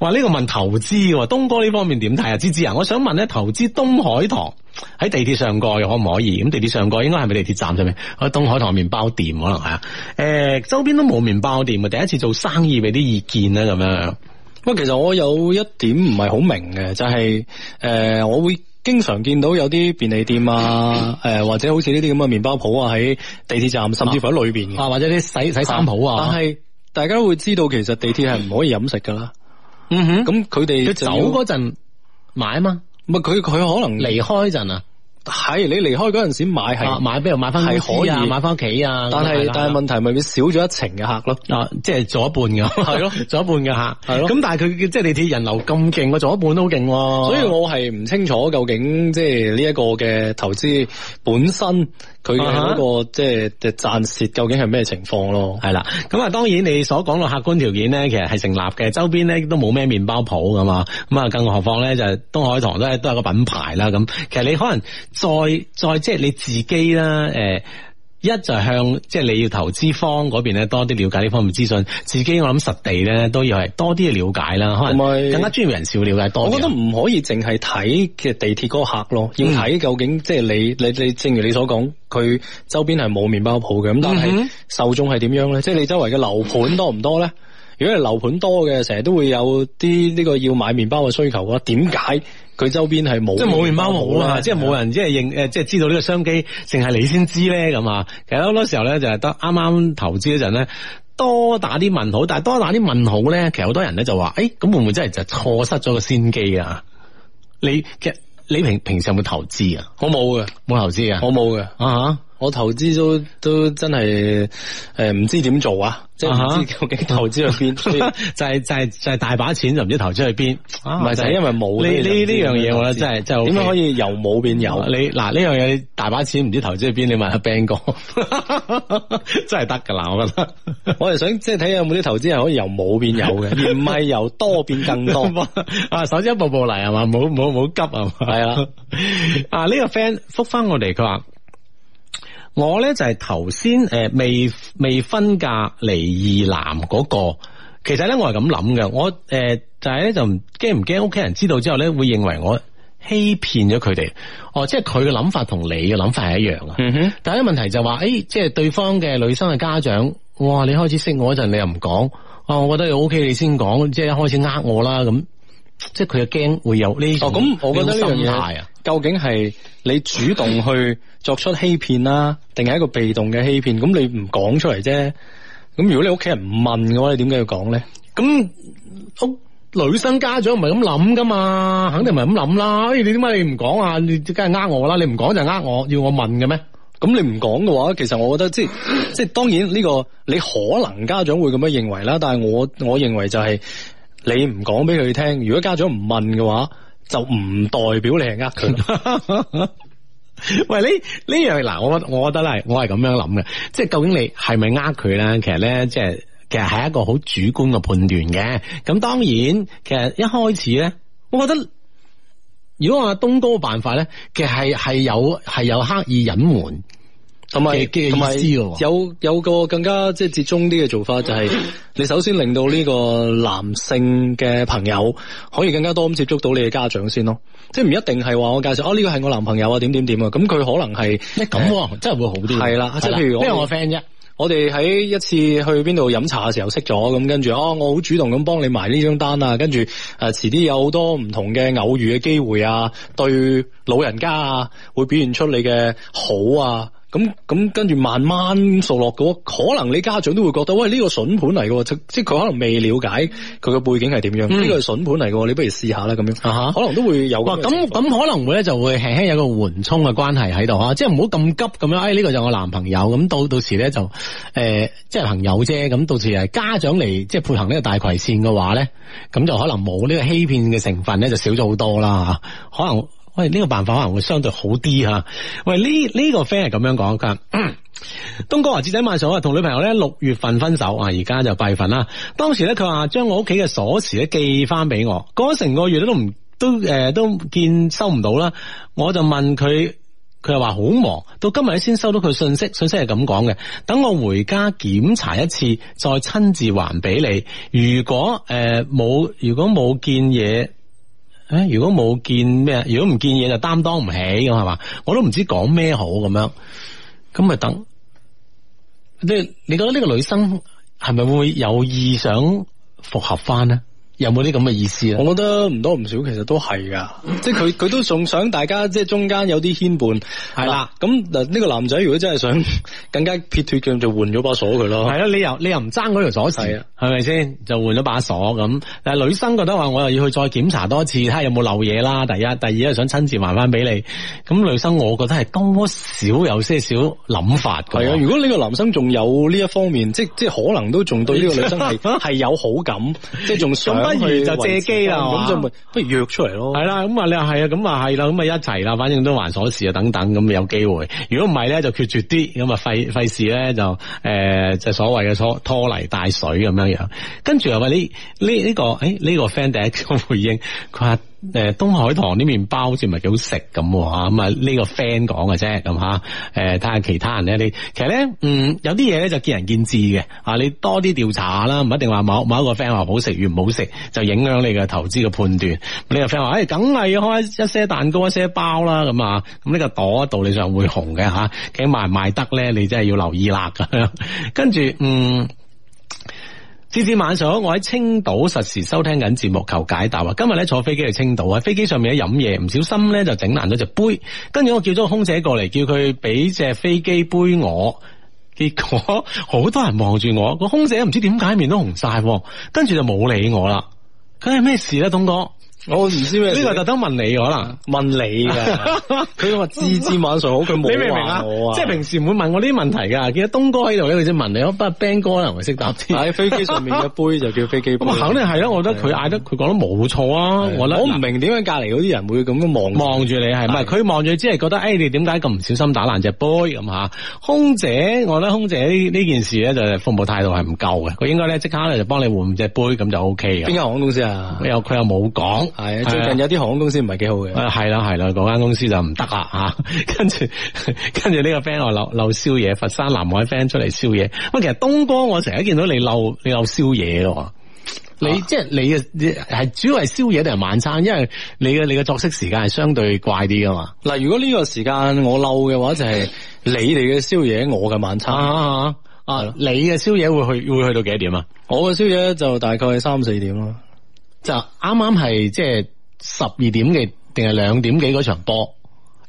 話呢個問投資，東哥呢方面點睇啊？芝芝啊，我想問咧，投資東海堂。喺地鐵上過又可唔可以？咁地鐵上過應該係咪地鐵站上面？喺東海堂麵包店可能係啊。誒、欸，周邊都冇麵包店啊。第一次做生意，俾啲意見咧咁樣樣。不過其實我有一點唔係好明嘅，就係、是、誒、呃，我會經常見到有啲便利店啊，誒、呃，或者好似呢啲咁嘅麵包鋪啊，喺地鐵站，甚至乎喺裏邊啊，啊，或者啲洗，洗洗衫鋪啊，啊。但係大家會知道，其實地鐵係唔可以飲食噶啦。嗯哼。咁佢哋走嗰陣買吖嘛？唔係，佢佢可能離開陣啊。係你離開嗰陣時買,買，係買邊度買翻？係可以買翻屋企啊！但係但係問題咪少咗一程嘅客咯？啊，即、就、係、是、做一半噶係咯，做一半嘅客。係咯。咁但係佢即係地鐵人流咁勁，個做一半都好勁。所以我係唔清楚究竟即係呢一個嘅投資本身，佢嘅嗰個即係嘅賺蝕究竟係咩情況咯？係啦，咁啊，當然你所講嘅客觀條件咧，其實係成立嘅。周邊咧都冇咩麵包鋪噶嘛，咁啊，更何況咧就係東海堂咧都係個品牌啦。咁其實你可能。再再即係你自己啦，誒、呃，一就係向即係你要投資方嗰邊咧多啲了解呢方面資訊，自己我諗實地咧都要係多啲嘅了解啦，可能更加專業人士會了解多啲。我覺得唔可以淨係睇嘅地鐵嗰個客咯，要睇究竟即係你你你，你，正如你所講，佢周邊係冇麵包鋪嘅，咁但係、嗯、受眾係點樣咧？即係你周圍嘅樓盤多唔多咧？如果係樓盤多嘅，成日都會有啲呢個要買麵包嘅需求啊？點解？佢周邊係冇，即係冇麵包冇啊，即係冇人即係認誒，即係知道呢個商機，淨係你先知咧咁啊。其實好多時候咧就係得啱啱投資嗰陣咧，多打啲問號，但係多打啲問號咧，其實好多人咧就話，誒、欸，咁會唔會真係就錯失咗個先機啊？你其實你平平時有冇投資啊？我冇嘅，冇投資啊，我冇嘅啊吓。我投資都都真係誒，唔、呃、知點做啊！即係唔知究竟投資去邊、就係，就係、是、就係就係大把錢就唔知投資去邊，唔、啊、係就係、是、因為冇呢呢呢樣嘢，我覺得真係就係點樣可以由冇變有、啊？你嗱呢樣嘢你大把錢唔知投資去邊？你問阿 Ben 哥， <laughs> 真係得噶啦！我覺得， <laughs> 我哋想即係睇下有冇啲投資人可以由冇變有嘅， <laughs> 而唔係由多變更多 <laughs> 啊！首先一步步嚟係嘛，冇冇冇急 <laughs> 啊！係、這、啦、個，啊呢個 friend 複翻我哋，佢話。我咧就係頭先誒未未婚嫁離異男嗰、那個，其實咧我係咁諗嘅，我誒就係咧就唔驚唔驚屋企人知道之後咧會認為我欺騙咗佢哋？哦，即係佢嘅諗法同你嘅諗法係一樣啊。嗯、哼，但係問題就話、是、誒，即、哎、係、就是、對方嘅女生嘅家長，哇！你開始識我嗰陣，你又唔講啊？我覺得你 OK，你先講，即係一開始呃我啦咁，即係佢又驚會有呢種咁嘅心態啊。究竟係你主動去作出欺騙啦、啊，定係一個被動嘅欺騙？咁你唔講出嚟啫。咁如果你屋企人唔問嘅話，你點解要講咧？咁屋女生家長唔係咁諗噶嘛，肯定唔係咁諗啦。你點解你唔講啊？你梗係呃我啦。你唔講就呃我，要我問嘅咩？咁你唔講嘅話，其實我覺得即即當然呢個你可能家長會咁樣認為啦。但係我我認為就係你唔講俾佢聽。如果家長唔問嘅話。就唔代表你係呃佢。喂，呢呢樣嗱，我我我覺得咧，我係咁樣諗嘅。即係究竟你係咪呃佢咧？其實咧，即係其實係一個好主觀嘅判斷嘅。咁當然，其實一開始咧，我覺得如果我阿東哥嘅辦法咧，其實係係有係有刻意隱瞞。同埋，有有個更加即係折中啲嘅做法，就係、是、你首先令到呢個男性嘅朋友可以更加多咁接觸到你嘅家長先咯，即係唔一定係話我介紹哦，呢個係我男朋友啊點點點啊，咁佢可能係，咁真係會好啲。係啦，即係譬如我我，我 friend 啫，我哋喺一次去邊度飲茶嘅時候識咗，咁跟住哦，我好主動咁幫你埋呢張單啊，跟住誒遲啲有好多唔同嘅偶遇嘅機會啊，對老人家啊會表現出你嘅好啊。咁、嗯、咁、嗯、跟住慢慢數落嗰，可能你家長都會覺得，喂呢、呢個筍盤嚟嘅。即即佢可能未了解佢嘅背景係點樣，呢個筍盤嚟嘅，你不如試下啦咁樣，可能都會有。咁、嗯、咁可能會咧就會輕輕有個緩衝嘅關係喺度嚇，即係唔好咁急咁樣，哎呢、呢個就我男朋友，咁到到時咧就即係、呃即係、朋友啫，咁到時係家長嚟即係配合呢個大葵線嘅話咧，咁就可能冇呢個欺騙嘅成分咧，就少咗好多啦可能。喂，呢個辦法可能會相對好啲吓。喂，呢呢、呢個 friend 係咁樣講噶，東哥話節仔上歲，同女朋友咧六月份分手啊，而家就八月份啦。當時咧佢話將我屋企嘅鎖匙咧寄翻俾我，過咗成個月都唔都誒、呃、都見收唔到啦。我就問佢，佢又話好忙，到今日先收到佢信息，信息係咁講嘅。等我回家檢查一次，再親自還俾你。如果誒冇、呃，如果冇見嘢。誒，如果冇見咩，如果唔見嘢就擔當唔起咁，係嘛，我都唔知講咩好咁樣，咁咪等。即係你覺得呢個女生係咪會有意想復合翻呢？有冇啲咁嘅意思啊？我覺得唔多唔少，其實都係噶， <laughs> 即係佢佢都仲想大家即係中間有啲牽絆，係啦。咁嗱呢個男仔如果真係想更加撇脱嘅，就換咗把鎖佢咯。係咯，你又你又唔爭嗰條鎖匙，係咪先？就換咗把鎖咁。但係女生覺得話，我又要去再檢查多一次，睇下有冇漏嘢啦。第一，第二，又想親自還翻俾你。咁女生我覺得係多少有些少諗法係啊，如果呢個男生仲有呢一方面，即即係可能都仲對呢個女生係係 <laughs> 有好感，即係仲想。 <laughs> 不如就借機啦，咁就咪，不如約出嚟咯。係啦，咁啊你話係啊，咁啊係啦，咁啊一齊啦，反正都還鎖匙啊等等，咁有機會。如果唔係咧，就決絕啲，咁啊費費事咧就誒就、呃就係、所謂嘅拖拖泥帶水咁樣樣。跟住又話呢呢呢個誒呢、欸呢個 friend 第一個回應佢話。誒，東海堂啲麵包好似唔係幾好食咁，咁啊呢個 friend 講嘅啫。咁吓，誒睇下其他人咧。你其實咧，嗯，有啲嘢咧就見仁見智嘅，啊，你多啲調查下啦，唔一定話某某一個 friend 話好食與唔好食，就影響你嘅投資嘅判斷，嗯。你個 friend 話，誒、哎，梗係要開一些蛋糕，一些包啦，咁啊，咁、這、呢個朵道理上會紅嘅吓，起碼賣得咧，你真係要留意啦咁樣， <laughs> 跟住，嗯。次次晚上我喺青島實時收聽緊節目求解答。話今日咧坐飛機去青島啊，喺飛機上面飲嘢，唔小心咧就整爛咗隻杯，跟住我叫咗個空姐過嚟，叫佢俾隻飛機杯我，結果好多人望住我，個空姐唔知點解面都紅晒，跟住就冇理我啦。咁係咩事咧，東哥？我唔知咩呢、呢個特登問你，可能問你噶佢話字字萬上，好，佢冇話我，即係平時唔會問我呢啲問題噶。見東哥喺度咧，佢先問你，我不過 Ben 哥可能識答啲。喺、哎、飛機上面嘅杯就叫飛機杯。咁啊，肯定係咯，我覺得佢嗌得，得，佢講得冇錯啊。我我唔明點解隔籬嗰啲人會咁樣望望住你，係唔係？佢望住只係覺得，誒、哎，你點解咁唔小心打爛隻杯咁吓？空姐，我覺得空姐呢呢件事咧就服務態度係唔夠嘅，佢應該咧即刻咧就幫你換隻杯，咁就 OK 嘅。邊間航空公司啊？佢又冇講。係最近有啲航空公司唔係幾好嘅，係啦係啦，嗰間公司就唔得啦吓。跟住跟住呢個 friend 我漏漏宵夜，佛山南海 friend 出嚟宵夜。喂，其實東哥我成日見到你漏你漏宵夜嘅，你即係、啊就是、你嘅係主要係宵夜定係晚餐？因為你嘅你嘅作息時間係相對怪啲噶嘛。嗱，如果呢個時間我漏嘅話，就係你哋嘅宵夜， <laughs> 我嘅晚餐。啊！係你嘅宵夜會去會去到幾多點啊？我嘅宵夜就大概係三四點咯。就啱啱係即係十二點幾定係兩點幾嗰場波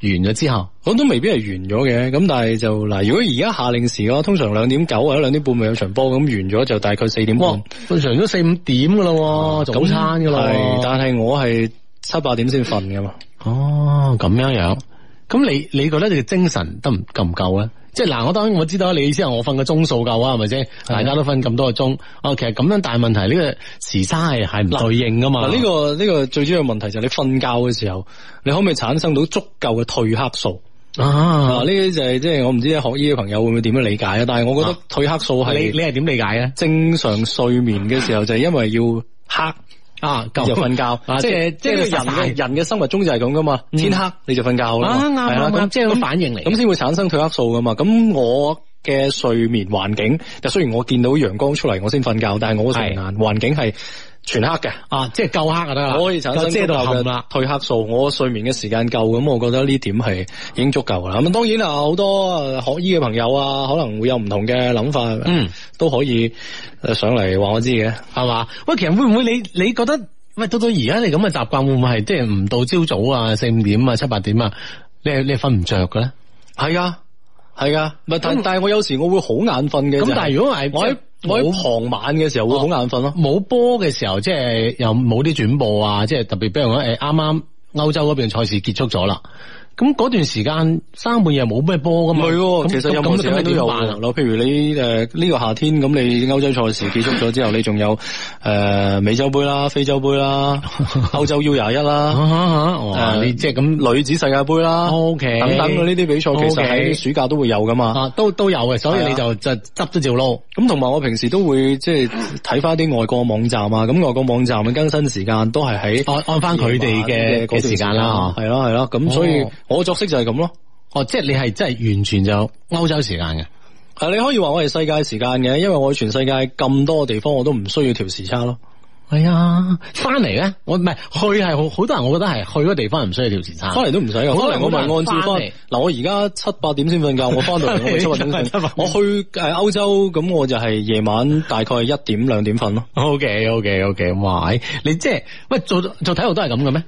完咗之後，我都未必係完咗嘅。咁但係就嗱，如果而家夏令時咯，通常兩點九或者兩點半咪有場波，咁完咗就大概四點半。瞓常都四五點噶啦，哦，早餐噶啦。但係我係七八點先瞓㗎嘛。哦，咁樣樣。咁你你覺得你嘅精神得唔夠唔夠咧？即係嗱，我當然我知道你意思係我瞓個鐘數夠啊，係咪係大家都瞓咁多個鐘，哦，其實咁樣大問題呢、這個時差係係唔對應噶嘛、嗯？呢、嗯這個呢、這個最主要問題就係你瞓覺嘅時候，你可唔可以產生到足夠嘅褪黑素啊？呢、啊、啲就係即係我唔知學醫嘅朋友會唔會點樣理解啊？但係我覺得褪黑素係你、啊、你係點理解啊？正常睡眠嘅時候就係因為要黑。啊，你就瞓覺，啊、即係即係人嘅人嘅生物鐘就係咁噶嘛，天、嗯、黑你就瞓覺好啦，係、啊、啦，咁、啊啊、即係、個反應嚟，咁先會產生褪黑素噶嘛，咁我嘅睡眠環境，就雖然我見到陽光出嚟我先瞓覺，但係我嘅睡眠環境係。全黑嘅啊，即係夠黑㗎得啦。可以產生遮到褪黑素。我睡眠嘅時間夠，咁我覺得呢點係已經足夠啦。咁當然啦，好多學醫嘅朋友啊，可能會有唔同嘅諗法。嗯，都可以上嚟話我知嘅，係、嗯、嘛？喂，其實會唔會你你覺得？喂，到到而家你咁嘅習慣，會唔會係即係唔到朝早啊，四五點啊，七八點啊，你你瞓唔着嘅咧？係啊，係啊。喂，但但係我有時我會好眼瞓嘅。咁但係如果係我喺。好傍晚嘅時候會好眼瞓咯，冇波嘅時候即係又冇啲轉播啊，即係特別比如講誒啱啱歐洲嗰邊嘅賽事結束咗啦。咁嗰段時間三半夜冇咩波噶嘛？唔係，其實有唔少嘅都有咯。譬如你誒呢、呃這個夏天，咁你歐洲賽事結束咗之後， <laughs> 你仲有誒、呃、美洲杯啦、非洲杯啦、歐 <laughs> 歐洲 U 廿一啦、你、呃、即係咁、呃、女子世界杯啦、哦，OK，等等呢啲比賽、okay, 其實喺暑假都會有噶嘛、啊？都都有嘅，所以你就就執咗照囉。咁同埋我平時都會即係睇翻啲外國網站啊，咁外國網站嘅更新時間都係喺、啊、按按翻佢哋嘅嘅時間啦。係咯係咯，咁、啊、所以。哦。我作息就係咁咯，哦，即係你係真係完全就歐洲時間嘅。啊，你可以話我係世界時間嘅，因為我全世界咁多嘅地方，我都唔需要調時差咯。係啊，翻嚟咧，我唔係去係好，好多人我覺得係去個地方唔需要調時差，翻嚟都唔使。可能我咪按照翻嚟。嗱，我而家七八點先瞓覺， <laughs> 我翻到嚟七八點，我去誒歐洲，咁我就係夜晚大概一點兩點瞓咯。OK OK OK，哇，喂，你即係喂做做體育都係咁嘅咩？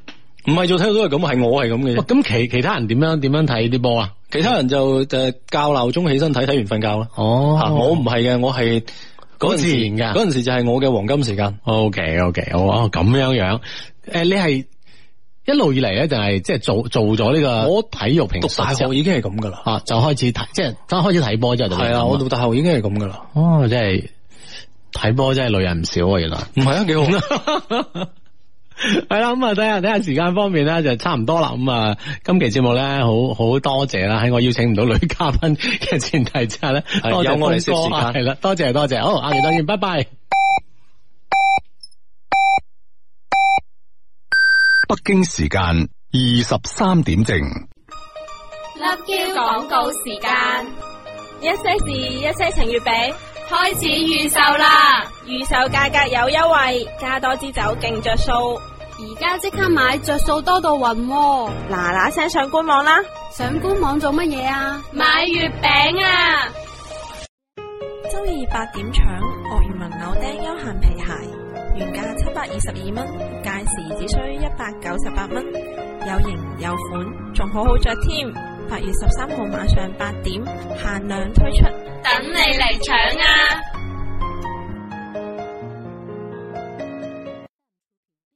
唔係做體育都係咁，係我係咁嘅咁其其他人點樣點樣睇啲波啊？其他人就誒、就是、教鬧鐘起身睇，睇完瞓覺啦、哦啊。哦，我唔係嘅，我係嗰陣時嗰陣時就係我嘅黃金時間。O K O K，哦咁樣、okay, okay, 哦哦哦、樣。誒、呃，你係一路以嚟咧，就係即係做做咗呢、這個？我體育平時讀大學已經係咁噶啦。就開始睇，即係剛開始睇波之後。係啊，我讀大學已經係咁噶啦。哦，即係睇波真係累人唔少啊，原來。唔係啊，幾好 <laughs> 係啦，咁啊，睇下睇下時間方面咧，就差唔多啦。咁啊，今期節目咧，好好多謝啦！喺我邀請唔到女嘉賓嘅前提之下咧，有我哋惜時間，係啦，多謝多謝，好，阿杰再見，拜拜。北京時間二十三點正，LoveQ 廣告時間，mm-hmm. 一些事，一些情，預備。開始預售啦！預售價格有優惠，加多支酒勁着數，而家即刻買，着數多到暈，啊，嗱嗱聲上官網啦！上官網做乜嘢啊？買月餅啊！周二八點搶鱷魚紋扭釘休閒皮鞋，原價七百二十二蚊，屆時只需一百九十八蚊，有型有款，仲好好着添。八月十三號晚上八點限量推出，等你嚟搶啊！